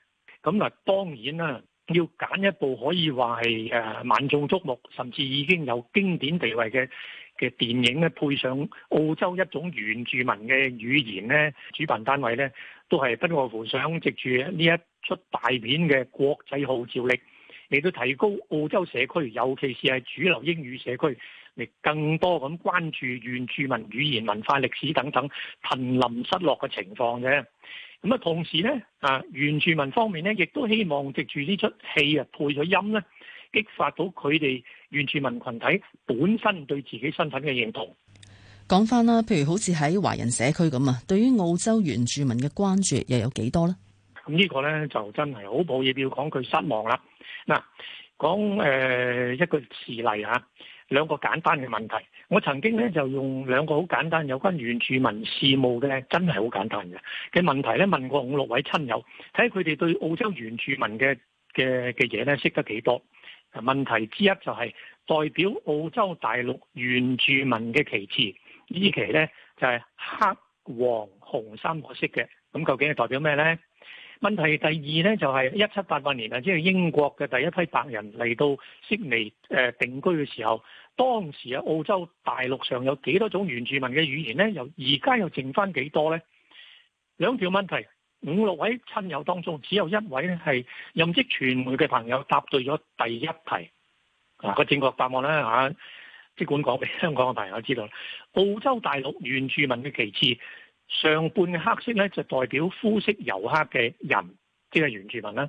咁啊，當然啦，要揀一部可以話係誒萬眾矚目，甚至已經有經典地位嘅。電影咧配上澳洲一種原住民嘅語言咧，主辦單位咧都係不外乎想藉住呢一出大片嘅國際號召力，嚟到提高澳洲社區，尤其是係主流英語社區嚟更多咁關注原住民語言、文化、歷史等等瀕臨失落嘅情況啫。咁啊，同時咧啊，原住民方面咧亦都希望藉住呢出戲啊配咗音咧。激發到佢哋原住民群體本身對自己身份嘅認同。講翻啦，譬如好似喺華人社區咁啊，對於澳洲原住民嘅關注又有幾多呢？咁、嗯、呢、這個呢，就真係好抱歉，要講句失望啦。嗱、啊，講誒、呃、一個事例啊，兩個簡單嘅問題。我曾經呢，就用兩個好簡單有關原住民事務嘅，呢，真係好簡單嘅嘅、那個、問題呢。問過五六位親友，睇下佢哋對澳洲原住民嘅嘅嘅嘢呢，識得幾多。問題之一就係代表澳洲大陸原住民嘅旗幟，呢旗呢就係黑、黃、紅三色嘅。咁究竟係代表咩呢？問題第二呢，就係一七八八年啊，即係英國嘅第一批白人嚟到悉尼定居嘅時候，當時啊澳洲大陸上有幾多種原住民嘅語言呢？由而家又剩返幾多呢？兩條問題。五六位親友當中，只有一位咧係任職傳媒嘅朋友答對咗第一題。嗱、啊，個正確答案咧即、啊、管講俾香港嘅朋友知道啦。澳洲大陸原住民嘅旗幟，上半嘅黑色咧就代表膚色黝黑嘅人，即係原住民啦。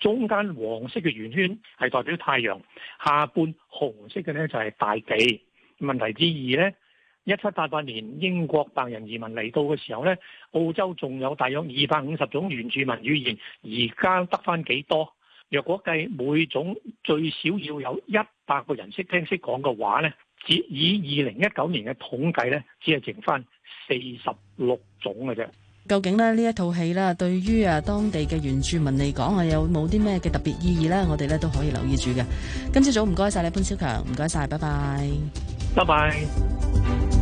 中間黃色嘅圓圈係代表太陽，下半紅色嘅咧就係、是、大地。問題之二咧。一七八八年英國白人移民嚟到嘅時候咧，澳洲仲有大約二百五十種原住民語言，而家得翻幾多？若果計每種最少要有一百個人識聽識講嘅話呢，以二零一九年嘅統計呢，只係剩翻四十六種嘅啫。究竟咧呢一套戲啦，對於啊當地嘅原住民嚟講係有冇啲咩嘅特別意義呢？我哋咧都可以留意住嘅。今朝早唔該晒你潘小強，唔該晒，拜拜，拜拜。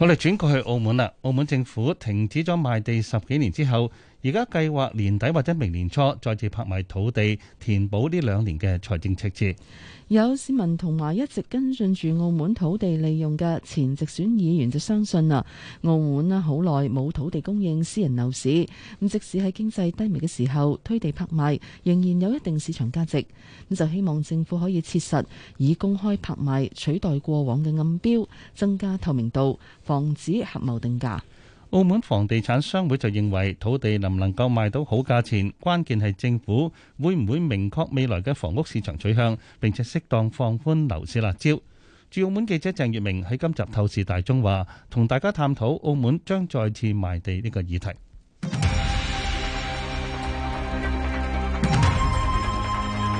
我哋轉過去澳門啦，澳門政府停止咗賣地十幾年之後。而家計劃年底或者明年初再次拍賣土地，填補呢兩年嘅財政赤字。有市民同埋一直跟進住澳門土地利用嘅前直選議員就相信啦，澳門啦好耐冇土地供應私人樓市，咁即使喺經濟低迷嘅時候推地拍賣，仍然有一定市場價值。咁就希望政府可以切實以公開拍賣取代過往嘅暗標，增加透明度，防止合謀定價。澳門房地產商會就認為，土地能唔能夠賣到好價錢，關鍵係政府會唔會明確未來嘅房屋市場取向，並且適當放寬樓市辣招。駐澳門記者鄭月明喺今集透視大中華，同大家探討澳門將再次賣地呢個議題。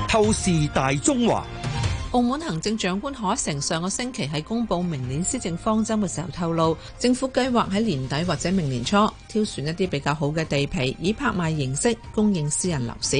透視大中華。澳門行政長官賀一誠上個星期喺公布明年施政方針嘅時候透露，政府計劃喺年底或者明年初挑選一啲比較好嘅地皮，以拍賣形式供應私人樓市。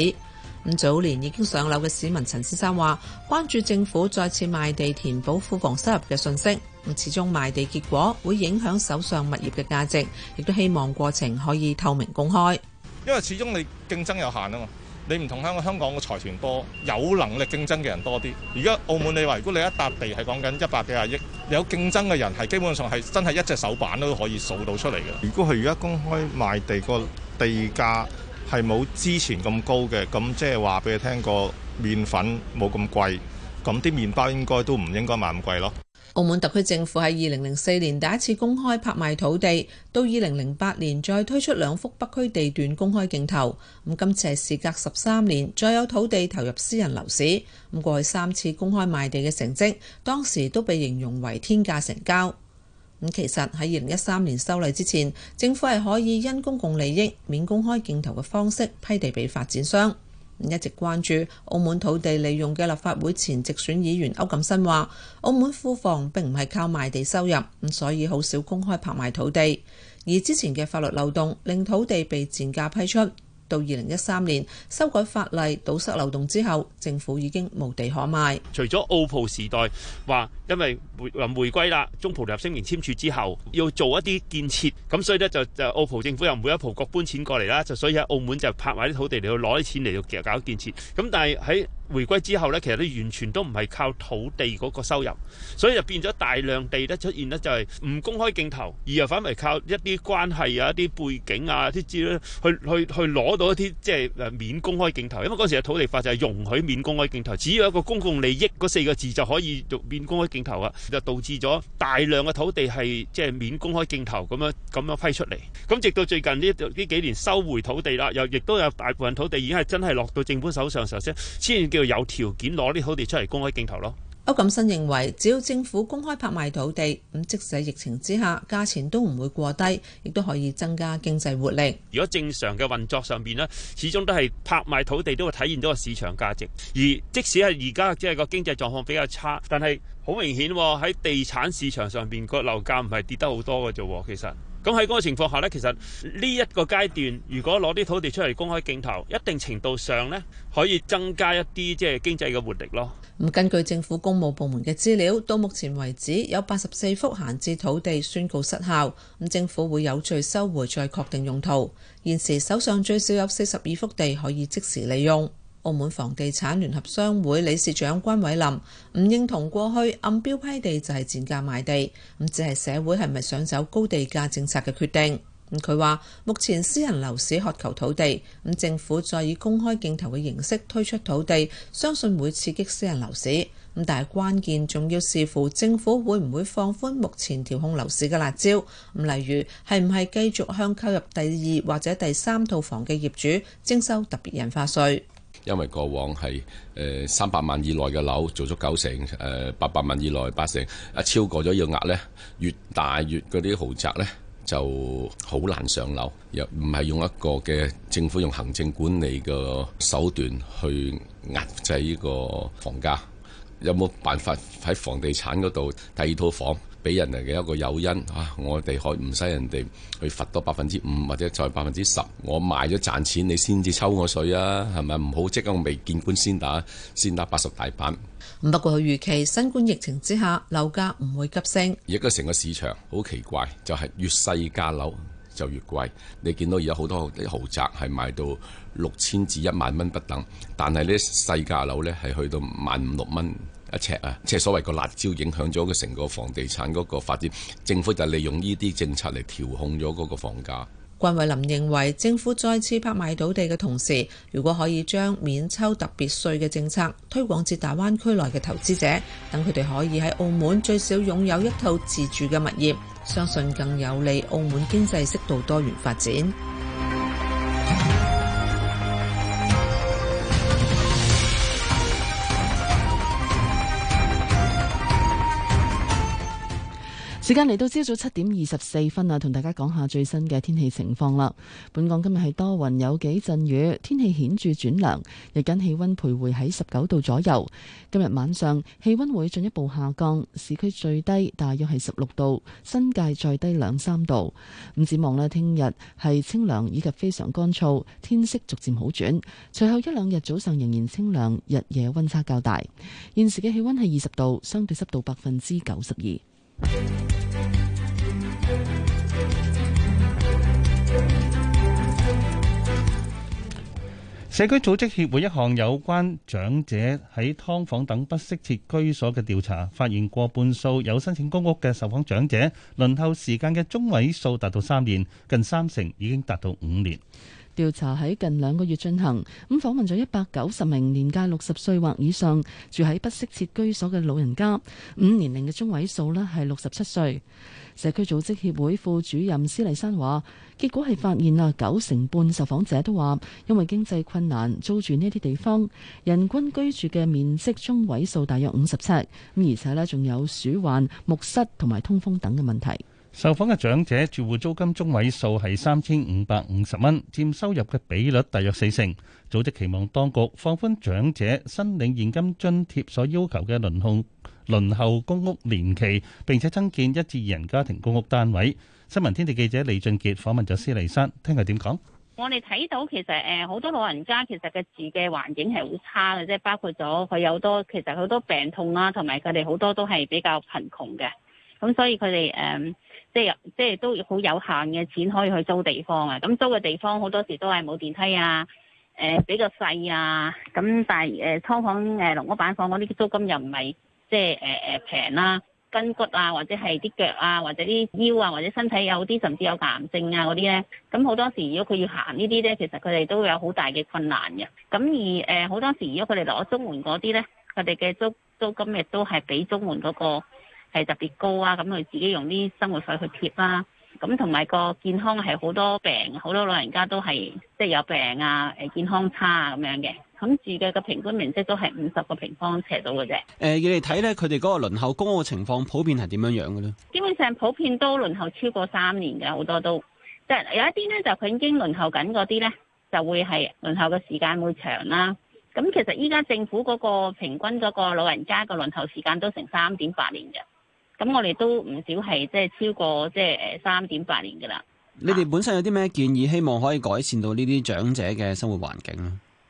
咁早年已經上樓嘅市民陳先生話，關注政府再次賣地填補庫房收入嘅信息。咁始終賣地結果會影響手上物業嘅價值，亦都希望過程可以透明公開。因為始終你競爭有限啊嘛。你唔同香香港嘅財團多，有能力競爭嘅人多啲。而家澳門你話，如果你一笪地係講緊一百幾廿億，有競爭嘅人係基本上係真係一隻手板都可以數到出嚟嘅。如果佢而家公開賣地個地價係冇之前咁高嘅，咁即係話俾你聽個麵粉冇咁貴，咁啲麵包應該都唔應該賣咁貴咯。澳門特區政府喺二零零四年第一次公開拍賣土地，到二零零八年再推出兩幅北區地段公開競投。咁今次係事隔十三年再有土地投入私人樓市。咁過去三次公開賣地嘅成績，當時都被形容為天價成交。咁其實喺二零一三年修例之前，政府係可以因公共利益免公開競投嘅方式批地俾發展商。一直關注澳門土地利用嘅立法會前直選議員歐錦新話：澳門庫房並唔係靠賣地收入，咁所以好少公開拍賣土地，而之前嘅法律漏洞令土地被賤價批出。到二零一三年修改法例堵塞漏洞之後，政府已經無地可賣。除咗澳葡時代話，因為回回歸啦，中葡聯合聲明簽署之後，要做一啲建設，咁所以咧就就澳葡政府又每一步各搬錢過嚟啦，就所以喺澳門就拍埋啲土地嚟去攞啲錢嚟去搞建設。咁但係喺回歸之後咧，其實咧完全都唔係靠土地嗰個收入，所以就變咗大量地咧出現咧就係唔公開競投，而又反為靠一啲關係啊、一啲背景啊、啲資料去去去攞到一啲即係誒免公開競投，因為嗰時嘅土地法就係容許免公開競投，只要一個公共利益嗰四個字就可以免公開競投啊，就導致咗大量嘅土地係即係免公開競投咁樣咁樣批出嚟。咁直到最近呢呢幾年收回土地啦，又亦都有大部分土地已經係真係落到政府手上，首先先叫。有條件攞啲土地出嚟公開競投咯。歐錦新認為，只要政府公開拍賣土地，咁即使疫情之下，價錢都唔會過低，亦都可以增加經濟活力。如果正常嘅運作上邊咧，始終都係拍賣土地都會體現到個市場價值。而即使係而家即係個經濟狀況比較差，但係好明顯喺、喎、地產市場上邊個樓價唔係跌得好多嘅啫、喎。其實。咁喺嗰個情況下咧，其實呢一個階段，如果攞啲土地出嚟公開競投，一定程度上咧，可以增加一啲即係經濟嘅活力咯。咁根據政府公務部門嘅資料，到目前為止有八十四幅閒置土地宣告失效，咁政府會有序收回再確定用途。現時手上最少有四十二幅地可以即時利用。澳門房地產聯合商會理事長關偉林唔認同過去暗標批地就係賤價賣地，咁只係社會係咪想走高地價政策嘅決定。咁佢話目前私人樓市渴求土地，咁政府再以公開競投嘅形式推出土地，相信會刺激私人樓市。咁但係關鍵仲要視乎政府會唔會放寬目前調控樓市嘅辣椒，咁例如係唔係繼續向購入第二或者第三套房嘅業主徵收特別印花稅。因為過往係誒三百萬以內嘅樓做咗九成，誒八百萬以內八成，超過咗要額呢，越大越嗰啲豪宅呢就好難上樓，又唔係用一個嘅政府用行政管理嘅手段去壓制呢個房價，有冇辦法喺房地產嗰度第二套房？俾人哋嘅一個誘因嚇，我哋可唔使人哋去罰多百分之五或者再百分之十，我賣咗賺錢，你先至抽我水啊，係咪唔好？即刻未見官先打，先打八十大板。不過預期新冠疫情之下樓價唔會急升，而家成個市場好奇怪，就係、是、越細價樓就越貴。你見到而家好多啲豪宅係賣到六千至一萬蚊不等，但係啲細價樓呢係去到萬五六蚊。一尺啊，即係所謂個辣椒影響咗個成個房地產嗰個發展。政府就利用呢啲政策嚟調控咗嗰個房價。關偉林認為，政府再次拍賣土地嘅同時，如果可以將免抽特別稅嘅政策推廣至大灣區內嘅投資者，等佢哋可以喺澳門最少擁有一套自住嘅物業，相信更有利澳門經濟適度多元發展。時間嚟到朝早七點二十四分啦，同大家講下最新嘅天氣情況啦。本港今日係多雲，有幾陣雨，天氣顯著轉涼，日間氣溫徘徊喺十九度左右。今日晚上氣溫會進一步下降，市區最低大約係十六度，新界再低兩三度。咁展望咧，聽日係清涼以及非常乾燥，天色逐漸好轉。隨後一兩日早上仍然清涼，日夜溫差較大。現時嘅氣溫係二十度，相對濕度百分之九十二。社區組織協會一項有關長者喺劏房等不適切居所嘅調查，發現過半數有申請公屋嘅受訪長者，輪候時間嘅中位數達到三年，近三成已經達到五年。調查喺近兩個月進行，咁訪問咗一百九十名年屆六十歲或以上住喺不適切居所嘅老人家，五年齡嘅中位數咧，係六十七歲。社區組織協會副主任施麗珊話，結果係發現啦，九成半受訪者都話因為經濟困難租住呢啲地方，人均居住嘅面積中位數大約五十呎，而且咧仲有鼠患、木虱同埋通風等嘅問題。受訪嘅長者住戶租金中位數係三千五百五十蚊，佔收入嘅比率大約四成。組織期望當局放寬長者申領現金津貼所要求嘅輪控輪候公屋年期，並且增建一至二人家庭公屋單位。新聞天地記者李俊杰訪問咗施麗珊，聽佢點講？我哋睇到其實誒，好多老人家其實個住嘅環境係好差嘅，即係包括咗佢有好多其實好多病痛啦，同埋佢哋好多都係比較貧窮嘅，咁所以佢哋誒。即係即係都好有限嘅錢可以去租地方啊！咁租嘅地方好多時都係冇電梯啊，誒比較細啊，咁但係誒倉房誒籠屋板房嗰啲租金又唔係即係誒誒平啦，筋骨啊或者係啲腳啊或者啲腰啊或者身體有啲甚至有癌症啊嗰啲咧，咁好多時如果佢要行呢啲咧，其實佢哋都會有好大嘅困難嘅。咁而誒好、呃、多時如果佢哋攞綜援嗰啲咧，佢哋嘅租租金亦都係畀綜援嗰個。係特別高啊！咁、嗯、佢自己用啲生活費去貼啦、啊。咁同埋個健康係好多病，好多老人家都係即係有病啊、欸，健康差啊咁樣嘅。咁、嗯、住嘅個平均面積都係五十個平方尺度嘅啫。誒、呃，你哋睇咧，佢哋嗰個輪候公屋嘅情況普遍係點樣樣嘅咧？基本上普遍都輪候超過三年嘅，好多都。即係有一啲咧，就佢已經輪候緊嗰啲咧，就會係輪候嘅時間會長啦、啊。咁、嗯、其實依家政府嗰個平均嗰個老人家個輪候時間都成三點八年嘅。咁我哋都唔少係即係超過即係誒三點八年㗎啦。你哋本身有啲咩建議，希望可以改善到呢啲長者嘅生活環境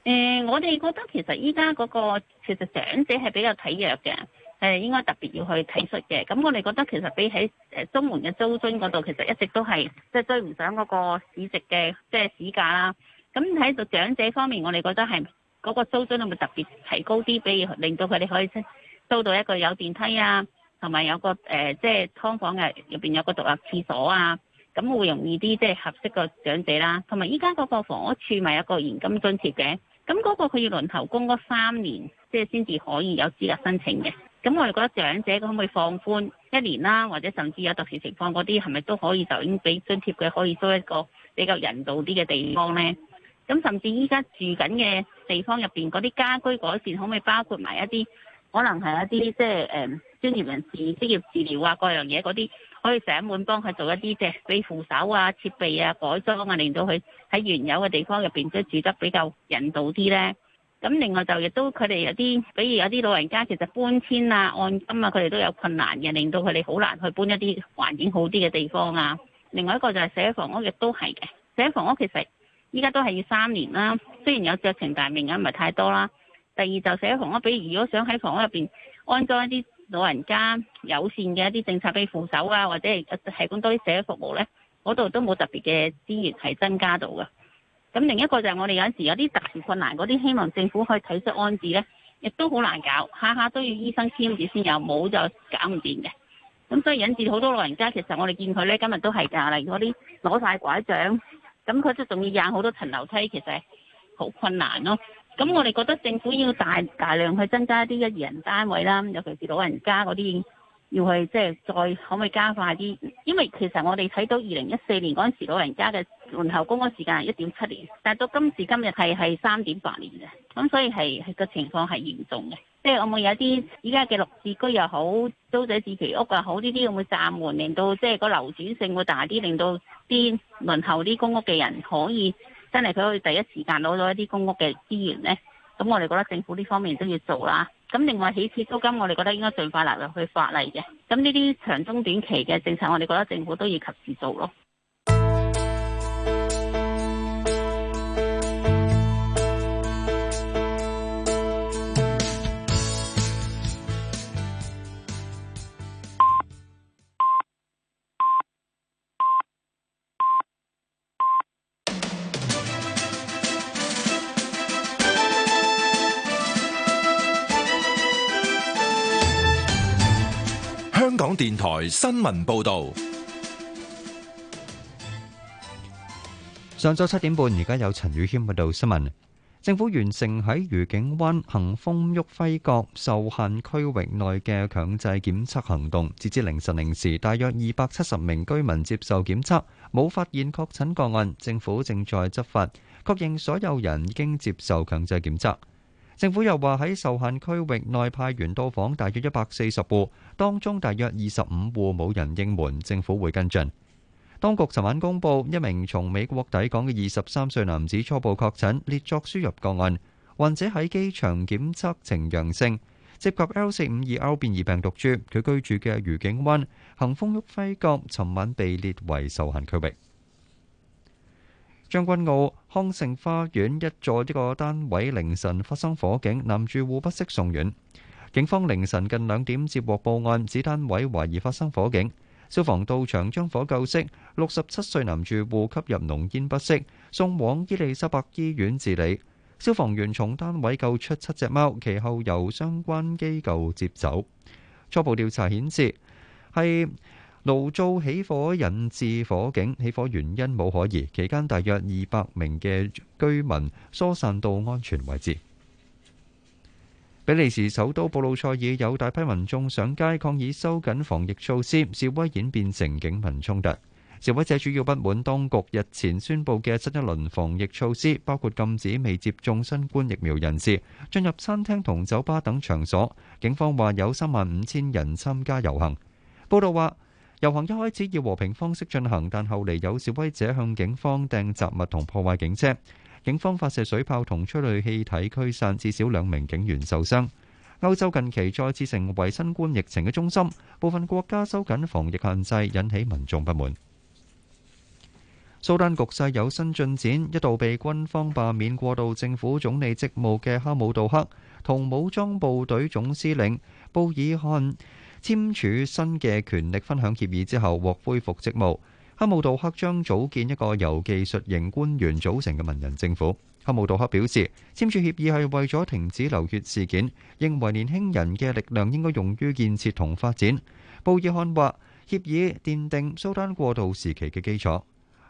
咧？誒，我哋覺得其實依家嗰個其實長者係比較體弱嘅，誒應該特別要去體恤嘅。咁我哋覺得其實比起誒中門嘅租津嗰度，其實一直都係即係追唔上嗰個市值嘅即係市價啦。咁喺度長者方面，我哋覺得係嗰個租津有冇特別提高啲，比如令到佢哋可以租到一個有電梯啊？同埋有個誒，即係劏房嘅入面有個獨立廁所啊，咁會容易啲，即係合適個長者啦。同埋依家嗰個房屋署咪有個現金津貼嘅，咁嗰個佢要輪候供嗰三年，即係先至可以有資格申請嘅。咁我哋覺得長者佢可唔可以放寬一年啦？或者甚至有特殊情況嗰啲，係咪都可以就已經俾津貼嘅？可以租一個比較人道啲嘅地方呢。咁甚至依家住緊嘅地方入面嗰啲家居改善，可唔可以包括埋一啲？可能係一啲即係誒、嗯、專業人士、職業治療啊，各樣嘢嗰啲，可以上門幫佢做一啲即係俾扶手啊、設備啊、改裝啊，令到佢喺原有嘅地方入邊即係住得比較人道啲咧。咁另外就亦都佢哋有啲，比如有啲老人家其實搬遷啊、按金啊，佢哋都有困難嘅，令到佢哋好難去搬一啲環境好啲嘅地方啊。另外一個就係寫房屋亦都係嘅，寫房屋其實依家都係要三年啦、啊，雖然有酌情但係名額嘅、啊，唔係太多啦、啊。第二就寫房屋，比如如果想喺房屋入邊安裝一啲老人家友善嘅一啲政策，比如扶手啊，或者係咁多啲社服務呢，嗰度都冇特別嘅資源係增加到嘅。咁另一個就係我哋有時有啲特殊困難嗰啲，希望政府可以體恤安置呢，亦都好難搞，下下都要醫生簽字先有，冇就搞唔掂嘅。咁所以引致好多老人家，其實我哋見佢呢，今日都係噶、啦，例如嗰啲攞晒拐杖，咁佢都仲要仰好多層樓梯，其實係好困難咯、哦。咁我哋覺得政府要大大量去增加一啲一人單位啦，尤其是老人家嗰啲，要去即係再可唔可以加快啲？因為其實我哋睇到二零一四年嗰陣時老人家嘅輪候公屋時間係一點七年，但到今時今日係係三點八年嘅，咁所以係個情況係嚴重嘅。即係會唔會有啲依家嘅綠置居又好，租者置其屋又好呢啲會暫緩令會，令到即係個流轉性會大啲，令到啲輪候啲公屋嘅人可以。真係佢可以第一時間攞到一啲公屋嘅資源呢？咁我哋覺得政府呢方面都要做啦。咁另外起始租金，我哋覺得應該盡快納入去法例嘅。咁呢啲長中短期嘅政策，我哋覺得政府都要及時做咯。電台新聞報道：上晝七點半，而家有陳宇謙報道新聞。政府完成喺愉景灣、恒豐、旭輝角受限區域內嘅強制檢測行動，截至凌晨零時，大約二百七十名居民接受檢測，冇發現確診個案。政府正在執法，確認所有人已經接受強制檢測。政府又話喺受限區域內派員到訪，大約一百四十戶，當中大約二十五戶冇人應門。政府會跟進。當局尋晚公佈一名從美國抵港嘅二十三歲男子初步確診，列作輸入個案。患者喺機場檢測呈陽性，涉及 L 四五二 R 變異病毒株。佢居住嘅愉景灣蘅峰旭輝閣，尋晚被列為受限區域。將軍澳康盛花園一座呢個單位凌晨發生火警，男住戶不適送院。警方凌晨近兩點接獲報案，指單位懷疑發生火警。消防到場將火救熄，六十七歲男住戶吸入濃煙不適，送往伊利沙伯醫院治理。消防員從單位救出七隻貓，其後由相關機構接走。初步調查顯示，係爐灶起火引致火警，起火原因冇可疑。期間大約二百名嘅居民疏散到安全位置。比利時首都布魯塞爾有大批民眾上街抗議收緊防疫措施，示威演變成警民衝突。示威者主要不滿當局日前宣布嘅新一輪防疫措施，包括禁止未接種新冠疫苗人士進入餐廳同酒吧等場所。警方話有三萬五千人參加遊行。報道話。遊行一開始以和平方式進行，但後嚟有示威者向警方掟雜物同破壞警車，警方發射水炮同催淚氣體驅散，至少兩名警員受傷。歐洲近期再次成為新冠疫情嘅中心，部分國家收緊防疫限制，引起民眾不滿。蘇丹局勢有新進展，一度被軍方罷免過渡政府總理職務嘅哈姆杜克同武裝部隊總司令布爾漢，簽署新嘅權力分享協議之後，獲恢復職務。哈姆杜克將組建一個由技術型官員組成嘅文人政府。哈姆杜克表示，簽署協議係為咗停止流血事件，認為年輕人嘅力量應該用於建設同發展。布爾漢話協議奠定蘇丹過渡時期嘅基礎。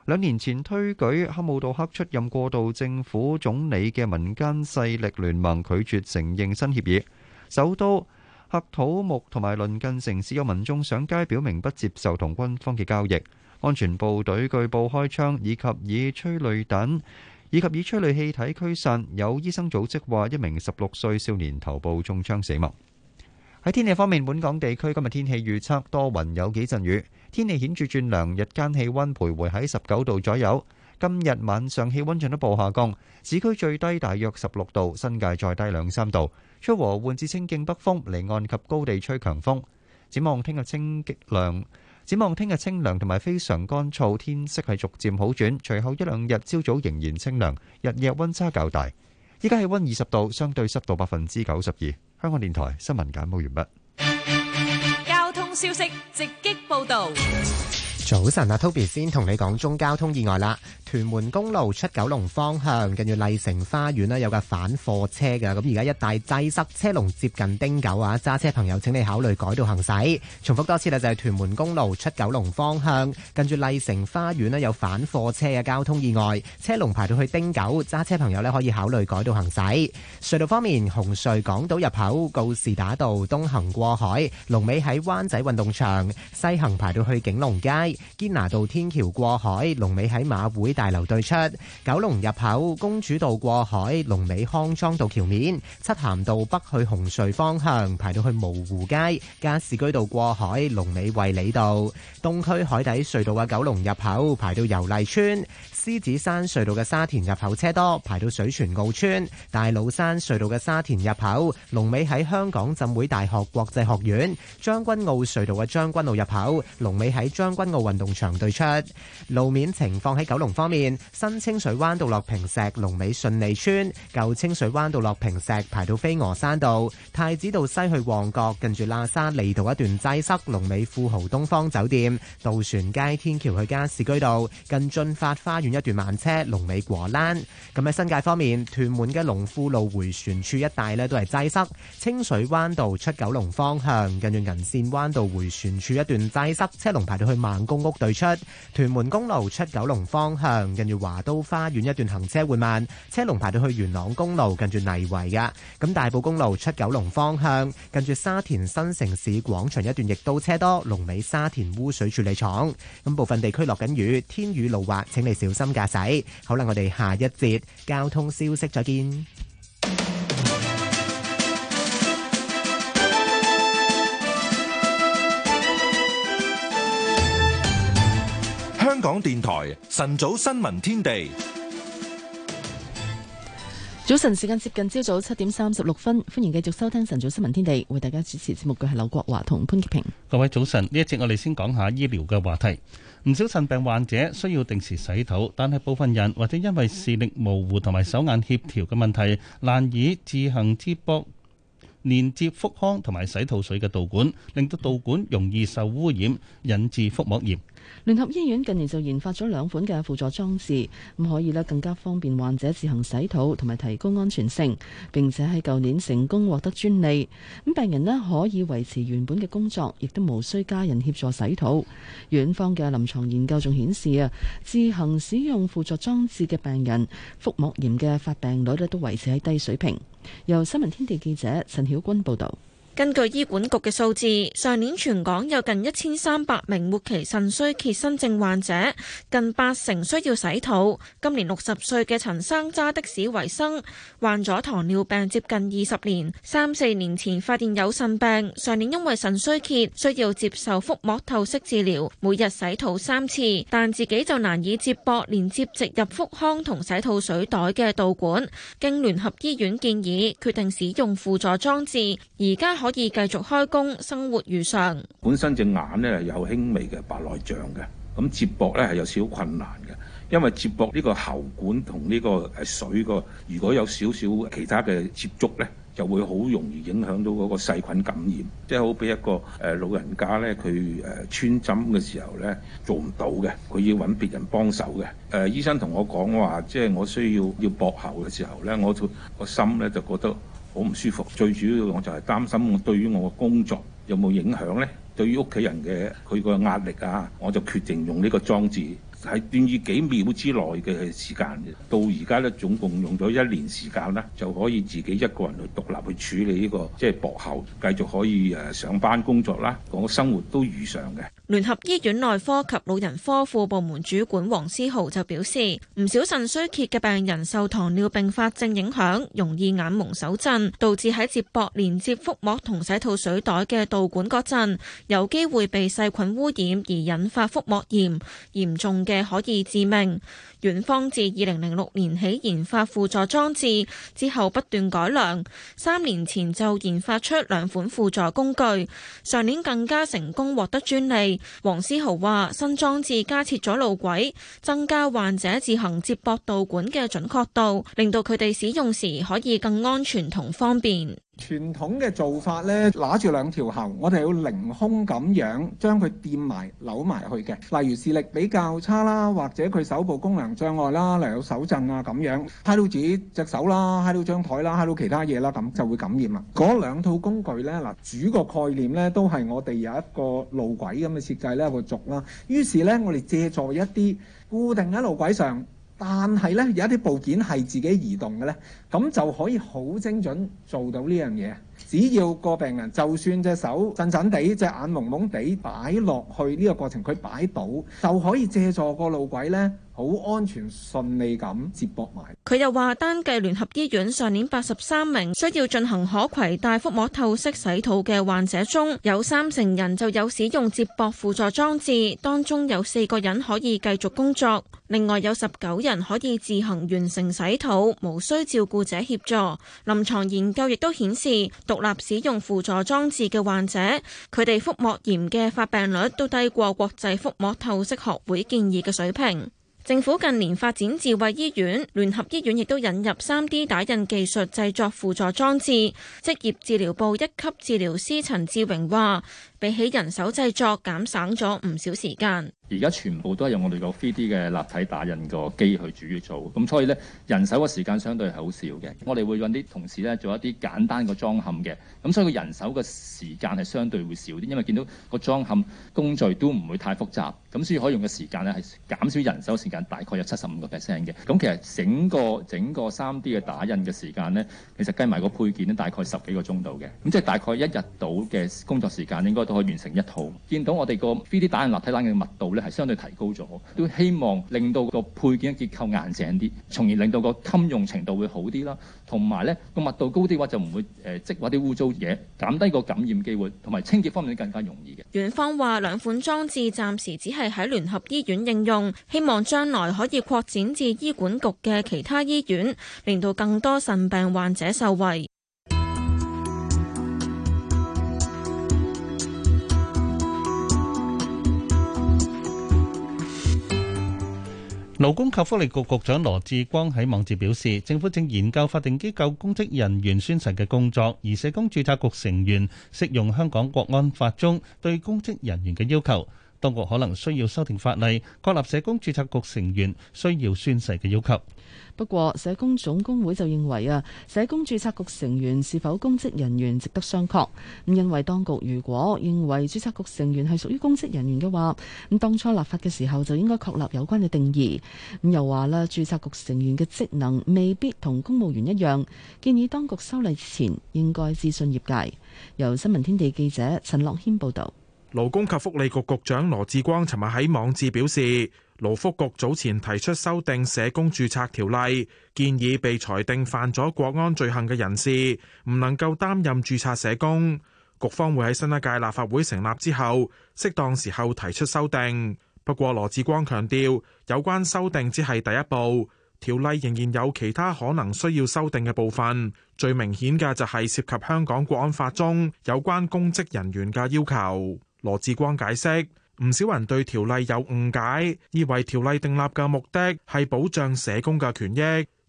兩年前推舉哈姆杜克出任過渡政府總理嘅民間勢力聯盟拒絕承認新協議。首都喀土穆同埋鄰近城市嘅民眾上街表明不接受同軍方嘅交易，安全部隊據報開槍，以及以催淚彈以及以催淚氣體驅散。有醫生組織話一名十六歲少年頭部中槍死亡。喺天氣方面，本港地區今日天氣預測多雲有幾陣雨，天氣顯著轉涼，日間氣温徘徊喺十九度左右。今日晚上氣温進一步下降，市區最低大約十六度，新界再低兩三度。吹和緩至清勁北風，離岸及高地吹強風。展望聽日清涼，展望聽日清涼同埋非常乾燥，天色係逐漸好轉。隨後一兩日朝早仍然清涼，日夜温差較大。依家氣温二十度，相對濕度百分之九十二。香港電台新聞簡報完畢。交通消息直擊報導。早晨啊，Toby 先同你講中交通意外啦。屯門公路出九龍方向，近住麗城花園有架反貨車嘅，咁而家一帶擠塞，車龍接近丁九啊！揸車朋友請你考慮改道行駛。重複多次啦，就係屯門公路出九龍方向，近住麗城花園有反貨車嘅交通意外，車龍排到去丁九，揸車朋友呢可以考慮改道行駛。隧道方面，紅隧港島入口告士打道東行過海，龍尾喺灣仔運動場；西行排到去景龍街，堅拿道天橋過海，龍尾喺馬會。大樓對出九龍入口，公主道過海，龍尾康莊道橋面，漆咸道北去紅隧方向排到去蕪湖街，加士居道過海，龍尾衛理道，東區海底隧道嘅九龍入口排到油麗邨。獅子山隧道嘅沙田入口車多，排到水泉澳村；大老山隧道嘅沙田入口，龍尾喺香港浸會大學國際學院；將軍澳隧道嘅將軍澳入口，龍尾喺將軍澳運動場對出。路面情況喺九龍方面，新清水灣道落坪石，龍尾順利村；舊清水灣道落坪石，排到飛鵝山道；太子道西去旺角，近住喇沙利道一段擠塞，龍尾富豪東方酒店；渡船街天橋去加士居道，近駿發花園一段慢車，龍尾果欄。咁喺新界方面，屯門嘅龍富路回旋處一帶咧都係擠塞，清水灣道出九龍方向，近住銀線灣道回旋處一段擠塞，車龍排到去孟公屋對出。屯門公路出九龍方向，近住華都花園一段行車會慢，車龍排到去元朗公路近住泥圍嘅。咁大埔公路出九龍方向，近住沙田新城市廣場一段亦都車多，龍尾沙田污水處理廠。咁部分地區落緊雨，天雨路滑，請你小心。心駕駛，好啦，我哋下一節交通消息再見。香港電台晨早新聞天地，早晨時間接近朝早七點三十六分，歡迎繼續收聽晨早新聞天地，為大家主持節目嘅係劉國華同潘潔平。各位早晨，呢一節我哋先講下醫療嘅話題。唔少腎病患者需要定時洗肚，但係部分人或者因為視力模糊同埋手眼協調嘅問題，難以自行接駁連接腹腔同埋洗肚水嘅導管，令到導管容易受污染，引致腹膜炎。聯合醫院近年就研發咗兩款嘅輔助裝置，咁可以呢更加方便患者自行洗肚同埋提高安全性，並且喺舊年成功獲得專利。咁病人呢可以維持原本嘅工作，亦都無需家人協助洗肚。院方嘅臨床研究仲顯示啊，自行使用輔助裝置嘅病人腹膜炎嘅發病率呢都維持喺低水平。由新聞天地記者陳曉君報道。根據醫管局嘅數字，上年全港有近一千三百名末期腎衰竭新症患者，近八成需要洗肚。今年六十歲嘅陳生揸的士為生，患咗糖尿病接近二十年，三四年前發現有腎病，上年因為腎衰竭需要接受腹膜透析治療，每日洗肚三次，但自己就難以接駁連接植入腹腔同洗肚水袋嘅導管，經聯合醫院建議，決定使用輔助裝置，而家。可以繼續開工，生活如常。本身隻眼咧有輕微嘅白內障嘅，咁接駁咧係有少少困難嘅，因為接駁呢個喉管同呢個誒水個，如果有少少其他嘅接觸咧，就會好容易影響到嗰個細菌感染，即係好俾一個誒老人家咧，佢誒穿針嘅時候咧做唔到嘅，佢要搵別人幫手嘅。誒醫生同我講話，即係我需要要駁喉嘅時候咧，我就個心咧就覺得。好唔舒服，最主要我就係擔心我對於我嘅工作有冇影響咧？對於屋企人嘅佢個壓力啊，我就決定用呢個裝置，喺段於幾秒之內嘅時間，到而家咧總共用咗一年時間啦，就可以自己一個人去獨立去處理呢個即係博後，繼續可以誒上班工作啦，我生活都如常嘅。聯合醫院內科及老人科副部門主管黃思豪就表示，唔少腎衰竭嘅病人受糖尿病發症影響，容易眼蒙手震，導致喺接駁連接腹膜同洗肚水袋嘅導管嗰陣，有機會被細菌污染而引發腹膜炎，嚴重嘅可以致命。院方自2006年起研發輔助裝置，之後不斷改良。三年前就研發出兩款輔助工具，上年更加成功獲得專利。黃思豪話：新裝置加設咗路軌，增加患者自行接駁導管嘅準確度，令到佢哋使用時可以更安全同方便。傳統嘅做法呢，拿住兩條喉，我哋要凌空咁樣將佢掂埋、扭埋去嘅。例如視力比較差啦，或者佢手部功能障礙啦，例如手震啊咁樣，揩到自己隻手啦，揩到張台啦，揩到、到其他嘢啦，咁就會感染啦。嗰兩套工具呢，嗱，主個概念呢都係我哋有一個路軌咁嘅設計呢，一個軸啦。於是呢，我哋借助一啲固定喺路軌上。但係咧，有一啲部件係自己移動嘅咧，咁就可以好精準做到呢樣嘢。只要個病人就算隻手震震地、隻眼朦朦地擺落去呢、呢個過程，佢擺到就可以借助個路軌呢，好安全順利咁接駁埋。佢又話，單計聯合醫院上年八十三名需要進行可攜帶腹膜透析洗肚嘅患者中，有三成人就有使用接駁輔助裝置，當中有四個人可以繼續工作，另外有十九人可以自行完成洗肚，無需照顧者協助。臨床研究亦都顯示，獨立使用輔助裝置嘅患者，佢哋腹膜炎嘅發病率都低過國際腹膜透析學會建議嘅水平。政府近年發展智慧醫院，聯合醫院亦都引入 3D 打印技術製作輔助裝置。職業治療部一級治療師陳志榮話。比起人手製作，減省咗唔少時間，而家全部都係用我哋個 3D 嘅立體打印個機去主要做，咁所以咧人手嘅時間相對係好少嘅。我哋會揾啲同事咧做一啲簡單嘅裝嵌嘅，咁所以個人手嘅時間係相對會少啲，因為見到個裝嵌工序都唔會太複雜，咁所以可以用嘅時間咧係減少人手時間大概有七十五個 percent 嘅。咁其實整個整個 3D 嘅打印嘅時間咧，其實計埋個配件咧大概十幾個鐘度嘅，咁即係大概一日到嘅工作時間應該都可以完成一套，見到我哋個 3D 打印立體零件嘅密度咧，係相對提高咗，都希望令到個配件結構硬淨啲，從而令到個襟用程度會好啲啦。同埋咧，個密度高啲話，就唔會誒積或啲污糟嘢，減低個感染機會，同埋清潔方面更加容易嘅。院方話兩款裝置暫時只係喺聯合醫院應用，希望將來可以擴展至醫管局嘅其他醫院，令到更多腎病患者受惠。勞工及福利局局長羅志光喺網誌表示，政府正研究法定機構公職人員宣誓嘅工作，而社工註冊局成員適用香港國安法中對公職人員嘅要求，當局可能需要修訂法例，確立社工註冊局成員需要宣誓嘅要求。不過，社工總工會就認為啊，社工註冊局成員是否公職人員值得商榷。因為當局如果認為註冊局成員係屬於公職人員嘅話，咁當初立法嘅時候就應該確立有關嘅定義。咁又話啦，註冊局成員嘅職能未必同公務員一樣，建議當局修例前應該諮詢業界。由新聞天地記者陳樂軒報導。勞工及福利局局，局長羅志光尋日喺網誌表示。勞福局早前提出修訂社工註冊條例，建議被裁定犯咗國安罪行嘅人士唔能夠擔任註冊社工。局方會喺新一屆立法會成立之後，適當時候提出修訂。不過羅志光強調，有關修訂只係第一步，條例仍然有其他可能需要修訂嘅部分。最明顯嘅就係涉及香港國安法中有關公職人員嘅要求。羅志光解釋。唔少人對條例有誤解，以為條例訂立嘅目的係保障社工嘅權益，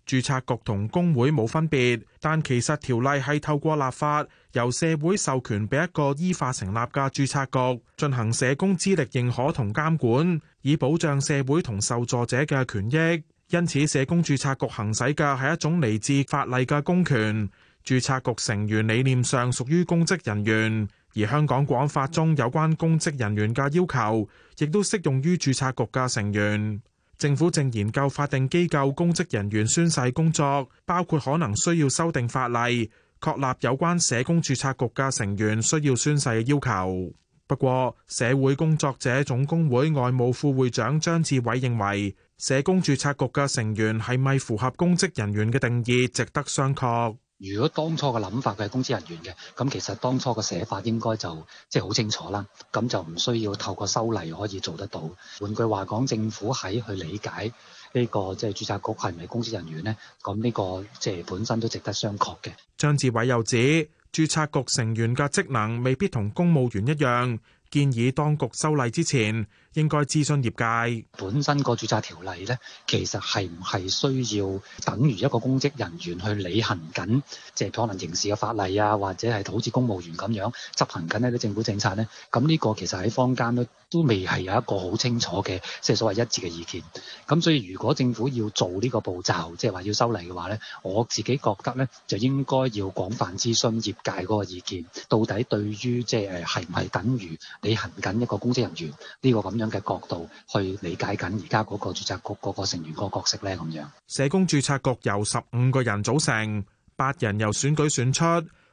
註冊局同工會冇分別。但其實條例係透過立法，由社會授權俾一個依法成立嘅註冊局進行社工資歷認可同監管，以保障社會同受助者嘅權益。因此，社工註冊局行使嘅係一種嚟自法例嘅公權。註冊局成員理念上屬於公職人員。而香港《國安法》中有關公職人員嘅要求，亦都適用於註冊局嘅成員。政府正研究法定機構公職人員宣誓工作，包括可能需要修訂法例，確立有關社工註冊局嘅成員需要宣誓嘅要求。不過，社會工作者總工會外務副會長張志偉認為，社工註冊局嘅成員係咪符合公職人員嘅定義，值得商榷。如果當初嘅諗法佢係公職人員嘅，咁其實當初嘅寫法應該就即係好清楚啦，咁就唔需要透過修例可以做得到。換句話講，政府喺去理解呢個即係註冊局係咪公職人員呢？咁呢個即係本身都值得商榷嘅。張志偉又指，註冊局成員嘅職能未必同公務員一樣，建議當局修例之前。應該諮詢業界，本身個註冊條例呢，其實係唔係需要等於一個公職人員去履行緊，即係可能刑事嘅法例啊，或者係好似公務員咁樣執行緊呢啲政府政策呢？咁呢個其實喺坊間都都未係有一個好清楚嘅，即係所謂一致嘅意見。咁所以如果政府要做呢個步驟，即係話要修例嘅話呢，我自己覺得呢，就應該要廣泛諮詢業界嗰個意見，到底對於即係誒係唔係等於履行緊一個公職人員呢個咁，咁嘅角度去理解緊而家嗰個註冊局嗰個成員個角色咧。咁樣社工註冊局由十五個人組成，八人由選舉選出，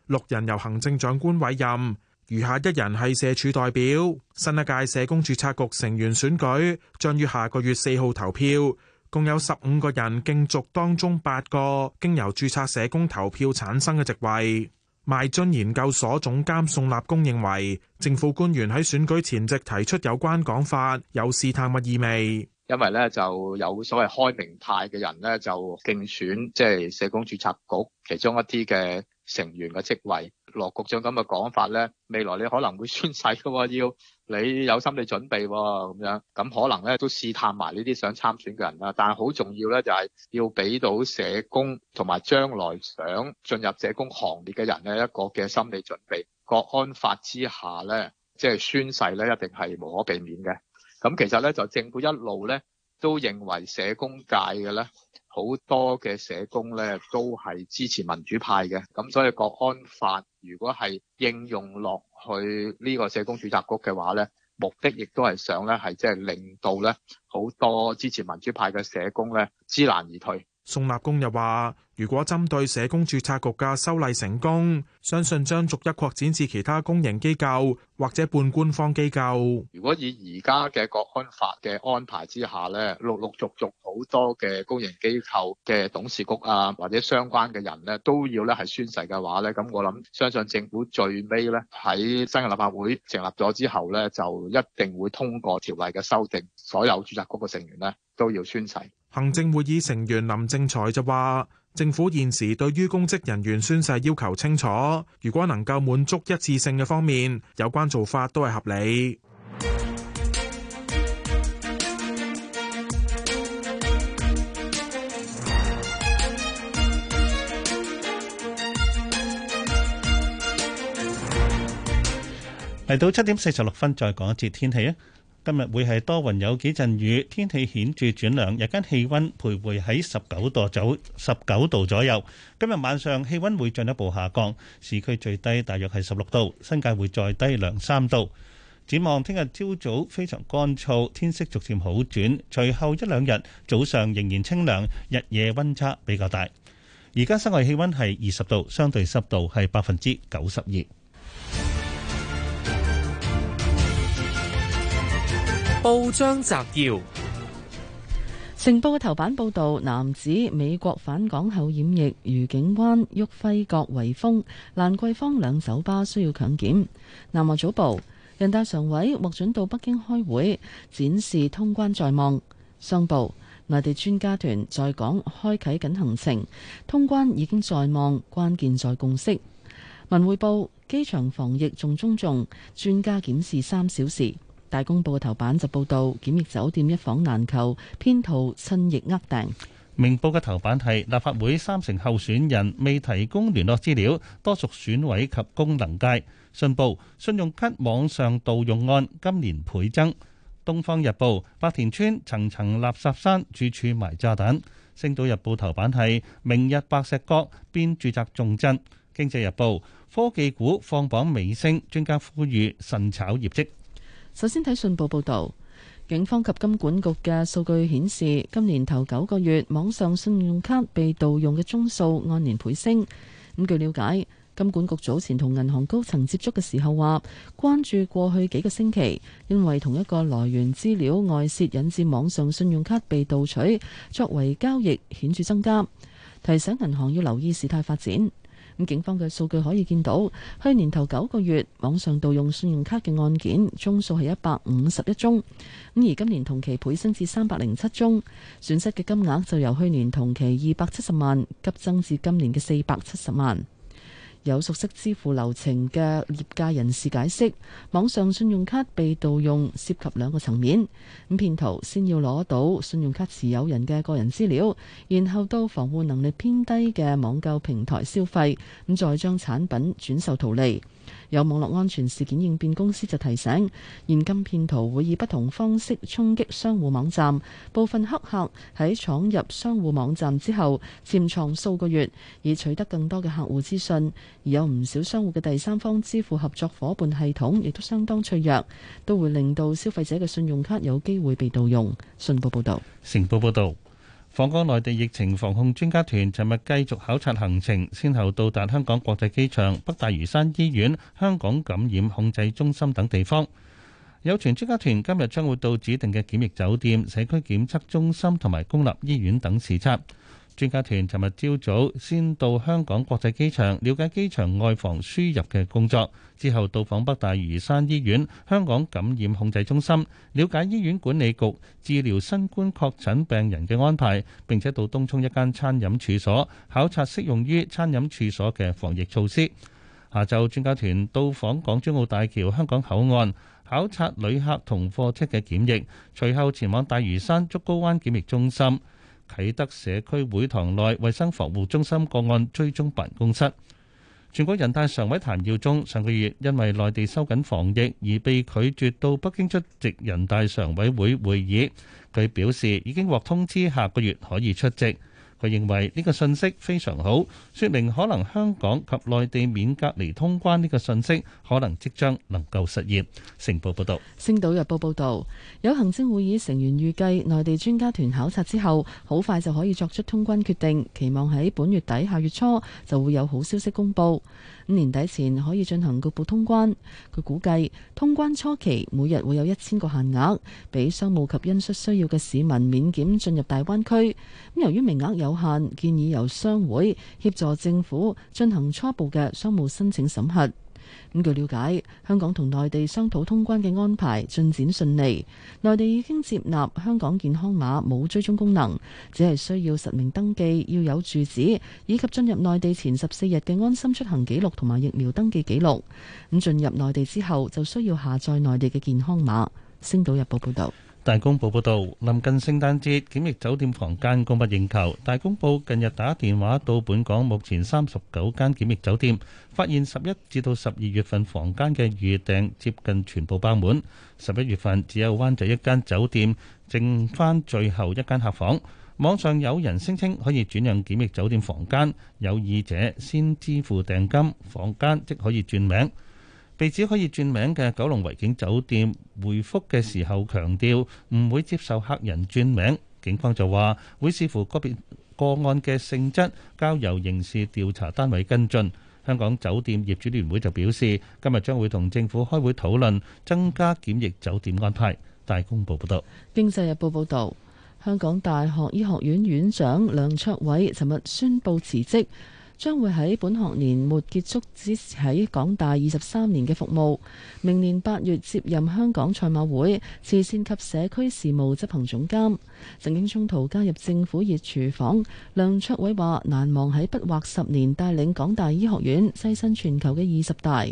六人由行政長官委任，餘下一人係社署代表。新一屆社工註冊局成員選舉將於下個月四號投票，共有十五個人競逐當中八個經由註冊社工投票產生嘅席位。邁津研究所總監宋立功認為，政府官員喺選舉前夕提出有關講法，有試探嘅意味。因為咧就有所謂開明派嘅人咧就競選即係、就是、社工注冊局其中一啲嘅成員嘅職位，羅局長咁嘅講法咧，未來你可能會宣誓嘅要。你有心理準備喎、哦，咁樣咁可能咧都試探埋呢啲想參選嘅人啦。但係好重要咧，就係、是、要俾到社工同埋將來想進入社工行列嘅人咧一個嘅心理準備。國安法之下咧，即、就、係、是、宣誓咧，一定係無可避免嘅。咁其實咧，就政府一路咧都認為社工界嘅咧。好多嘅社工咧都係支持民主派嘅，咁所以國安法如果係應用落去呢個社工註冊局嘅話咧，目的亦都係想咧係即係令到咧好多支持民主派嘅社工咧知難而退。宋立功又話：如果針對社工注冊局嘅修例成功，相信將逐一擴展至其他公營機構或者半官方機構。如果以而家嘅國安法嘅安排之下咧，陸陸續續好多嘅公營機構嘅董事局啊，或者相關嘅人咧，都要咧係宣誓嘅話咧，咁我諗相信政府最尾咧喺新嘅立法會成立咗之後咧，就一定會通過條例嘅修訂，所有注冊局嘅成員咧都要宣誓。行政會議成員林正財就話，政府現時對於公職人員宣誓要求清楚，如果能夠滿足一次性嘅方面，有關做法都係合理。嚟到七點四十六分再講一次天氣啊！今日會係多雲有幾陣雨，天氣顯著轉涼。日間氣溫徘徊喺十九度左，十九度左右。今日晚上氣溫會進一步下降，市區最低大約係十六度，新界會再低兩三度。展望聽日朝早非常乾燥，天色逐漸好轉。隨後一兩日早上仍然清涼，日夜溫差比較大。而家室外氣溫係二十度，相對濕度係百分之九十二。報章摘要：成報嘅頭版報道，男子美國返港後染疫，愉景灣、旭輝閣、維峰、蘭桂坊兩酒吧需要強檢。南華早報：人大常委獲准到北京開會，展示通關在望。商報：內地專家團在港開啟緊行程，通關已經在望，關鍵在共識。文匯報：機場防疫重中重，專家檢視三小時。大公報嘅頭版就報道檢疫酒店一房難求，騙徒趁疫呃訂。明報嘅頭版係立法會三成候選人未提供聯絡資料，多屬選委及功能界。信報，信用卡網上盜用案今年倍增。東方日報，白田村層層垃、垃圾山，處處埋炸彈。星島日報頭版係明日白石角邊住宅重鎮。經濟日報，科技股放榜尾聲，專家呼籲慎炒業績。首先睇信報報導，警方及金管局嘅數據顯示，今年頭九個月網上信用卡被盜用嘅宗數按年倍升。咁據了解，金管局早前同銀行高層接觸嘅時候話，關注過去幾個星期，因為同一個來源資料外泄引致網上信用卡被盜取作為交易顯著增加，提醒銀行要留意事態發展。咁警方嘅數據可以見到，去年頭九個月網上盜用信用卡嘅案件宗數係一百五十一宗，咁而今年同期倍升至三百零七宗，損失嘅金額就由去年同期二百七十萬急增至今年嘅四百七十萬。有熟悉支付流程嘅業界人士解釋，網上信用卡被盜用涉及兩個層面。咁騙徒先要攞到信用卡持有人嘅個人資料，然後到防護能力偏低嘅網購平台消費，咁再將產品轉售圖利。有網絡安全事件應變公司就提醒，現今騙徒會以不同方式衝擊商戶網站，部分黑客喺闖入商戶網站之後潛藏數個月，以取得更多嘅客戶資訊。而有唔少商戶嘅第三方支付合作伙伴系統亦都相當脆弱，都會令到消費者嘅信用卡有機會被盜用。信報報導，成報報導。訪港內地疫情防控專家團尋日繼續考察行程，先後到達香港國際機場、北大嶼山醫院、香港感染控制中心等地方。有傳專家團今日將會到指定嘅檢疫酒店、社區檢測中心同埋公立醫院等視察。專家團尋日朝早先到香港國際機場了解機場外防輸入嘅工作，之後到訪北大嶼山醫院、香港感染控制中心，了解醫院管理局治療新冠確診病人嘅安排，並且到東涌一間餐飲處所考察適用於餐飲處所嘅防疫措施。下晝專家團到訪港珠澳大橋香港口岸，考察旅客同貨車嘅檢疫，隨後前往大嶼山竹篙灣檢疫中心。啟德社區會堂內衛生防護中心個案追蹤辦公室，全國人大常委譚耀宗上個月因為內地收緊防疫，而被拒絕到北京出席人大常委會會議。佢表示已經獲通知下個月可以出席。佢認為呢個信息非常好，說明可能香港及內地免隔離通關呢個信息可能即將能夠實驗。成報報道，《星島日報》報道，有行政會議成員預計內地專家團考察之後，好快就可以作出通關決定，期望喺本月底下月初就會有好消息公布。年底前可以進行局部通關。佢估計通關初期每日會有一千個限額，俾商務及因需需要嘅市民免檢進入大灣區。由於名額有限，建議由商會協助政府進行初步嘅商務申請審核。咁據了解，香港同內地商討通關嘅安排進展順利，內地已經接納香港健康碼冇追蹤功能，只係需要實名登記，要有住址以及進入內地前十四日嘅安心出行記錄同埋疫苗登記記錄。咁進入內地之後就需要下載內地嘅健康碼。星島日報報道。大公報報導，臨近聖誕節，檢疫酒店房間供不應求。大公報近日打電話到本港目前三十九間檢疫酒店，發現十一至到十二月份房間嘅預訂接近全部爆滿。十一月份只有灣仔一間酒店剩翻最後一間客房。網上有人聲稱可以轉讓檢疫酒店房間，有意者先支付訂金，房間即可以轉名。被指可以轉名嘅九龍維景酒店回覆嘅時候強調唔會接受客人轉名，警方就話會視乎個別個案嘅性質，交由刑事調查單位跟進。香港酒店業主聯會就表示，今日將會同政府開會討論增加檢疫酒店安排。大公報報道。《經濟日報》報道，香港大學醫學院院長梁卓偉尋日宣布辭職。將會喺本學年末結束，喺港大二十三年嘅服務，明年八月接任香港賽馬會慈善及社區事務執行總監。曾經中途加入政府熱廚房，梁卓偉話：難忘喺不惑十年帶領港大醫學院躋身全球嘅二十大，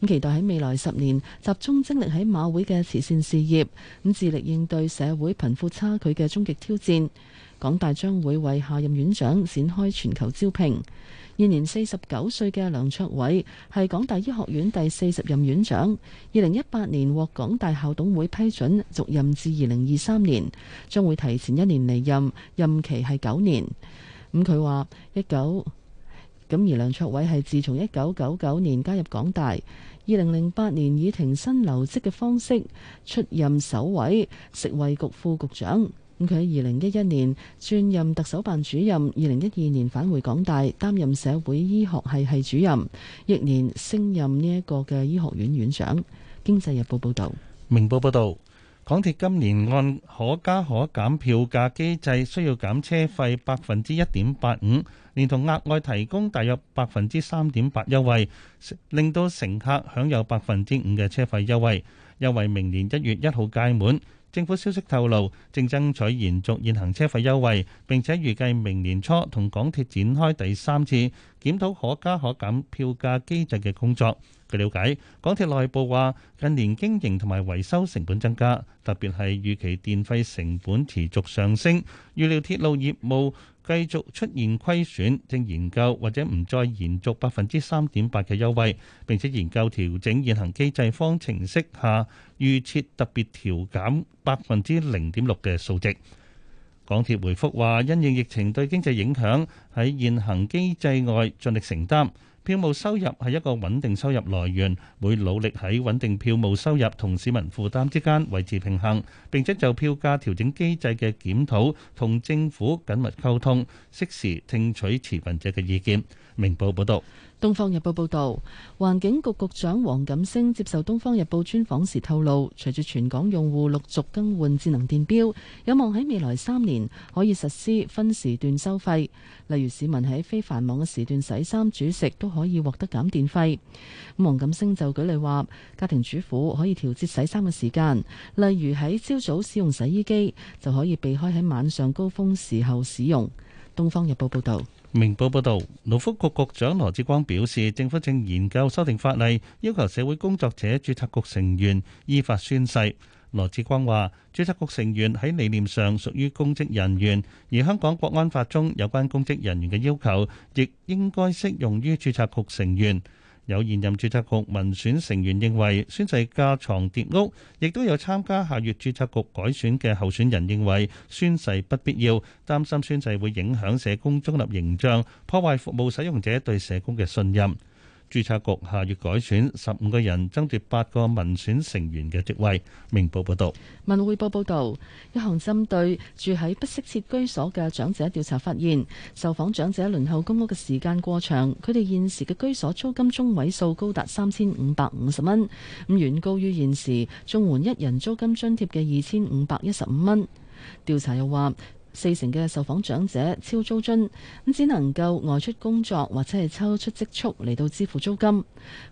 咁期待喺未來十年集中精力喺馬會嘅慈善事業，咁致力應對社會貧富差距嘅終極挑戰。港大將會為下任院長展開全球招聘。現年四十九歲嘅梁卓偉係港大醫學院第四十任院長，二零一八年獲港大校董會批准續任至二零二三年，將會提前一年離任，任期係九年。咁佢話一九咁而梁卓偉係自從一九九九年加入港大，二零零八年以停薪留職嘅方式出任首位食衛局副局長。佢喺二零一一年轉任特首辦主任，二零一二年返回港大擔任社會醫學系系主任，翌年升任呢一個嘅醫學院院長。經濟日報報道，明報報道，港鐵今年按可加可減票價機制，需要減車費百分之一點八五，連同額外提供大約百分之三點八優惠，令到乘客享有百分之五嘅車費優惠，優惠明年一月一號屆滿。政府消息透露，正爭取延續現行車費優惠，並且預計明年初同港鐵展開第三次檢討可加可減票價機制嘅工作。據了解，港鐵內部話近年經營同埋維修成本增加，特別係預期電費成本持續上升，預料鐵路業務。繼續出現虧損，正研究或者唔再延續百分之三點八嘅優惠，並且研究調整現行機制方程式下預設特別調減百分之零點六嘅數值。港鐵回覆話，因應疫情對經濟影響，喺現行機制外盡力承擔。票務收入係一個穩定收入來源，會努力喺穩定票務收入同市民負擔之間維持平衡，並且就票價調整機制嘅檢討同政府緊密溝通，適時聽取持份者嘅意見。明報報道，東方日報報道，環境局局長黃錦星接受東方日報專訪時透露，隨住全港用戶陸續更換智能電表，有望喺未來三年可以實施分時段收費。例如市民喺非繁忙嘅時段洗衫煮食，都可以獲得減電費。咁黃錦星就舉例話，家庭主婦可以調節洗衫嘅時間，例如喺朝早使用洗衣機，就可以避開喺晚上高峰時候使用。東方日報報道。明報報導，勞福局局長羅致光表示，政府正研究修訂法例，要求社會工作者註冊局成員依法宣誓。羅致光話：註冊局成員喺理念上屬於公職人員，而香港國安法中有關公職人員嘅要求，亦應該適用於註冊局成員。有現任註冊局民選成員認為宣誓架床疊屋，亦都有參加下月註冊局改選嘅候選人認為宣誓不必要，擔心宣誓會影響社工中立形象，破壞服務使用者對社工嘅信任。註冊局下月改選十五個人，爭奪八個民選成員嘅職位。明報報道，文匯報報道一項針對住喺不適切居所嘅長者調查發現，受訪長者輪候公屋嘅時間過長，佢哋現時嘅居所租金中位數高達三千五百五十蚊，咁遠高於現時綜援一人租金津貼嘅二千五百一十五蚊。調查又話。四成嘅受訪長者超租津，只能夠外出工作或者係抽出積蓄嚟到支付租金。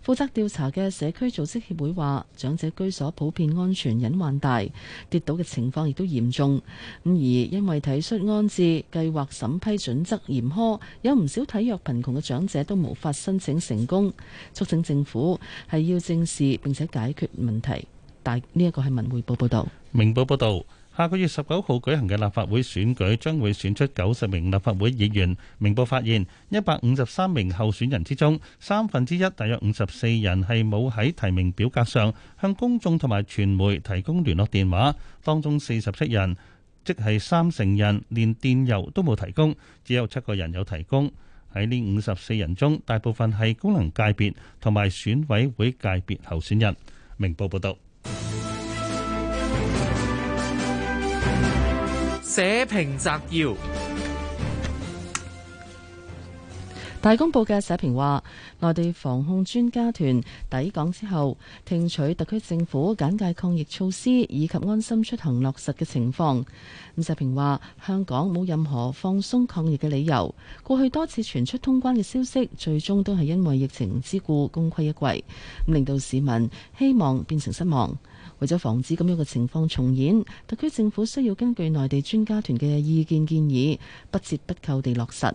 負責調查嘅社區組織協會話，長者居所普遍安全隱患大，跌倒嘅情況亦都嚴重。而因為體恤安置計劃審批準則嚴苛，有唔少體弱貧窮嘅長者都無法申請成功。促請政府係要正視並且解決問題。但呢一個係文匯報報道，明報報道。下個月十九號舉行嘅立法會選舉將會選出九十名立法會議員。明報發現，一百五十三名候選人之中，三分之一，大約五十四人，係冇喺提名表格上向公眾同埋傳媒提供聯絡電話。當中四十七人，即係三成人，連電郵都冇提供，只有七個人有提供。喺呢五十四人中，大部分係功能界別同埋選委會界別候選人。明報報道。社評摘要：大公報嘅社評話，內地防控專家團抵港之後，聽取特區政府簡介抗疫措施以及安心出行落實嘅情況。咁社評話，香港冇任何放鬆抗疫嘅理由。過去多次傳出通關嘅消息，最終都係因為疫情之故，功虧一簣，令到市民希望變成失望。為咗防止咁樣嘅情況重演，特區政府需要根據內地專家團嘅意見建議，不折不扣地落實。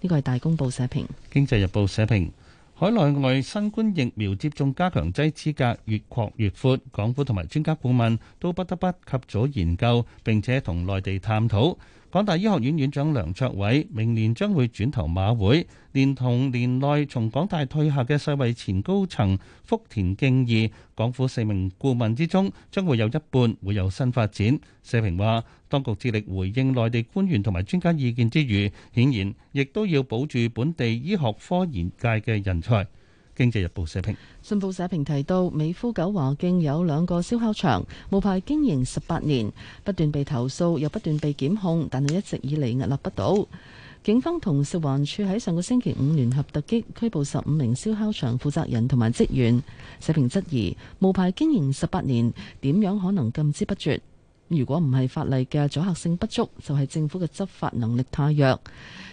呢個係《大公報》社評，《經濟日報》社評，海內外新冠疫苗接種加強劑資格越擴越闊，港府同埋專家顧問都不得不及早研究，並且同內地探討。港大醫學院院長梁卓偉明年將會轉投馬會，連同年內從港大退下嘅世衛前高層福田敬二，港府四名顧問之中，將會有一半會有新發展。社評話，當局致力回應內地官員同埋專家意見之餘，顯然亦都要保住本地醫學科研界嘅人才。《經濟日報》社評，信報社評提到，美孚九華徑有兩個燒烤場，無牌經營十八年，不斷被投訴，又不斷被檢控，但係一直以嚟屹立不倒。警方同食環署喺上個星期五聯合突擊拘捕十五名燒烤場負責人同埋職員。社評質疑，無牌經營十八年，點樣可能禁之不絕？如果唔係法例嘅阻嚇性不足，就係政府嘅執法能力太弱。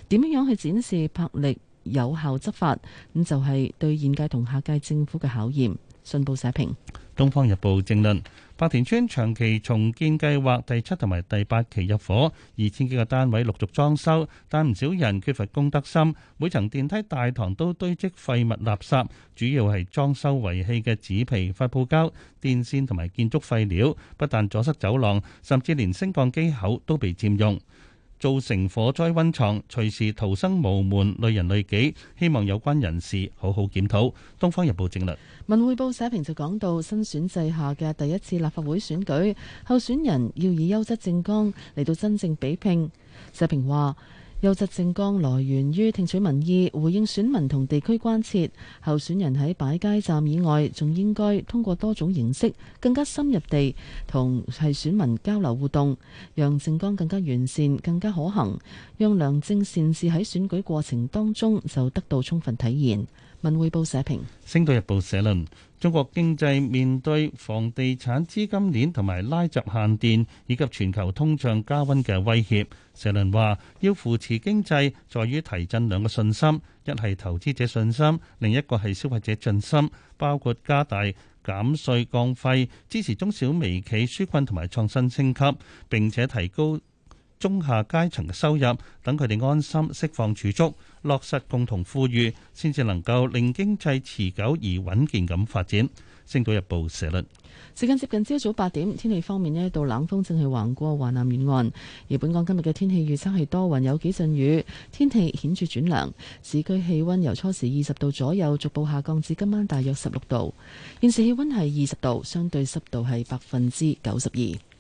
點樣去展示魄力？有效執法，咁就係對現屆同下屆政府嘅考驗。信報社評，《東方日報》正論：白田村長期重建計劃第七同埋第八期入伙，二千幾個單位陸續裝修，但唔少人缺乏公德心，每層電梯大堂都堆積廢物垃圾，主要係裝修遺棄嘅紙皮、發泡膠、電線同埋建築廢料，不但阻塞走廊，甚至連升降機口都被佔用。造成火災溫床，隨時逃生無門，累人累己。希望有關人士好好檢討。《東方日報》政論。文匯報社評就講到，新選制下嘅第一次立法會選舉，候選人要以優質政綱嚟到真正比拼。社評話。優質政綱來源於聽取民意，回應選民同地區關切。候選人喺擺街站以外，仲應該通過多種形式，更加深入地同係選民交流互動，讓政綱更加完善，更加可行，讓良政善事喺選舉過程當中就得到充分體現。文匯報社評，星島日報社論。中國經濟面對房地產資金鏈同埋拉閘限電以及全球通脹加温嘅威脅，社論話要扶持經濟，在於提振兩個信心，一係投資者信心，另一個係消費者信心，包括加大減稅降費，支持中小微企紓困同埋創新升級，並且提高。中下階層嘅收入，等佢哋安心釋放儲蓄，落實共同富裕，先至能夠令經濟持久而穩健咁發展。星島日報社論。時間接近朝早八點，天氣方面呢一道冷風正係橫過華南沿岸，而本港今日嘅天氣預測係多雲有幾陣雨，天氣顯著轉涼。市區氣温由初時二十度左右，逐步下降至今晚大約十六度。現時氣温係二十度，相對濕度係百分之九十二。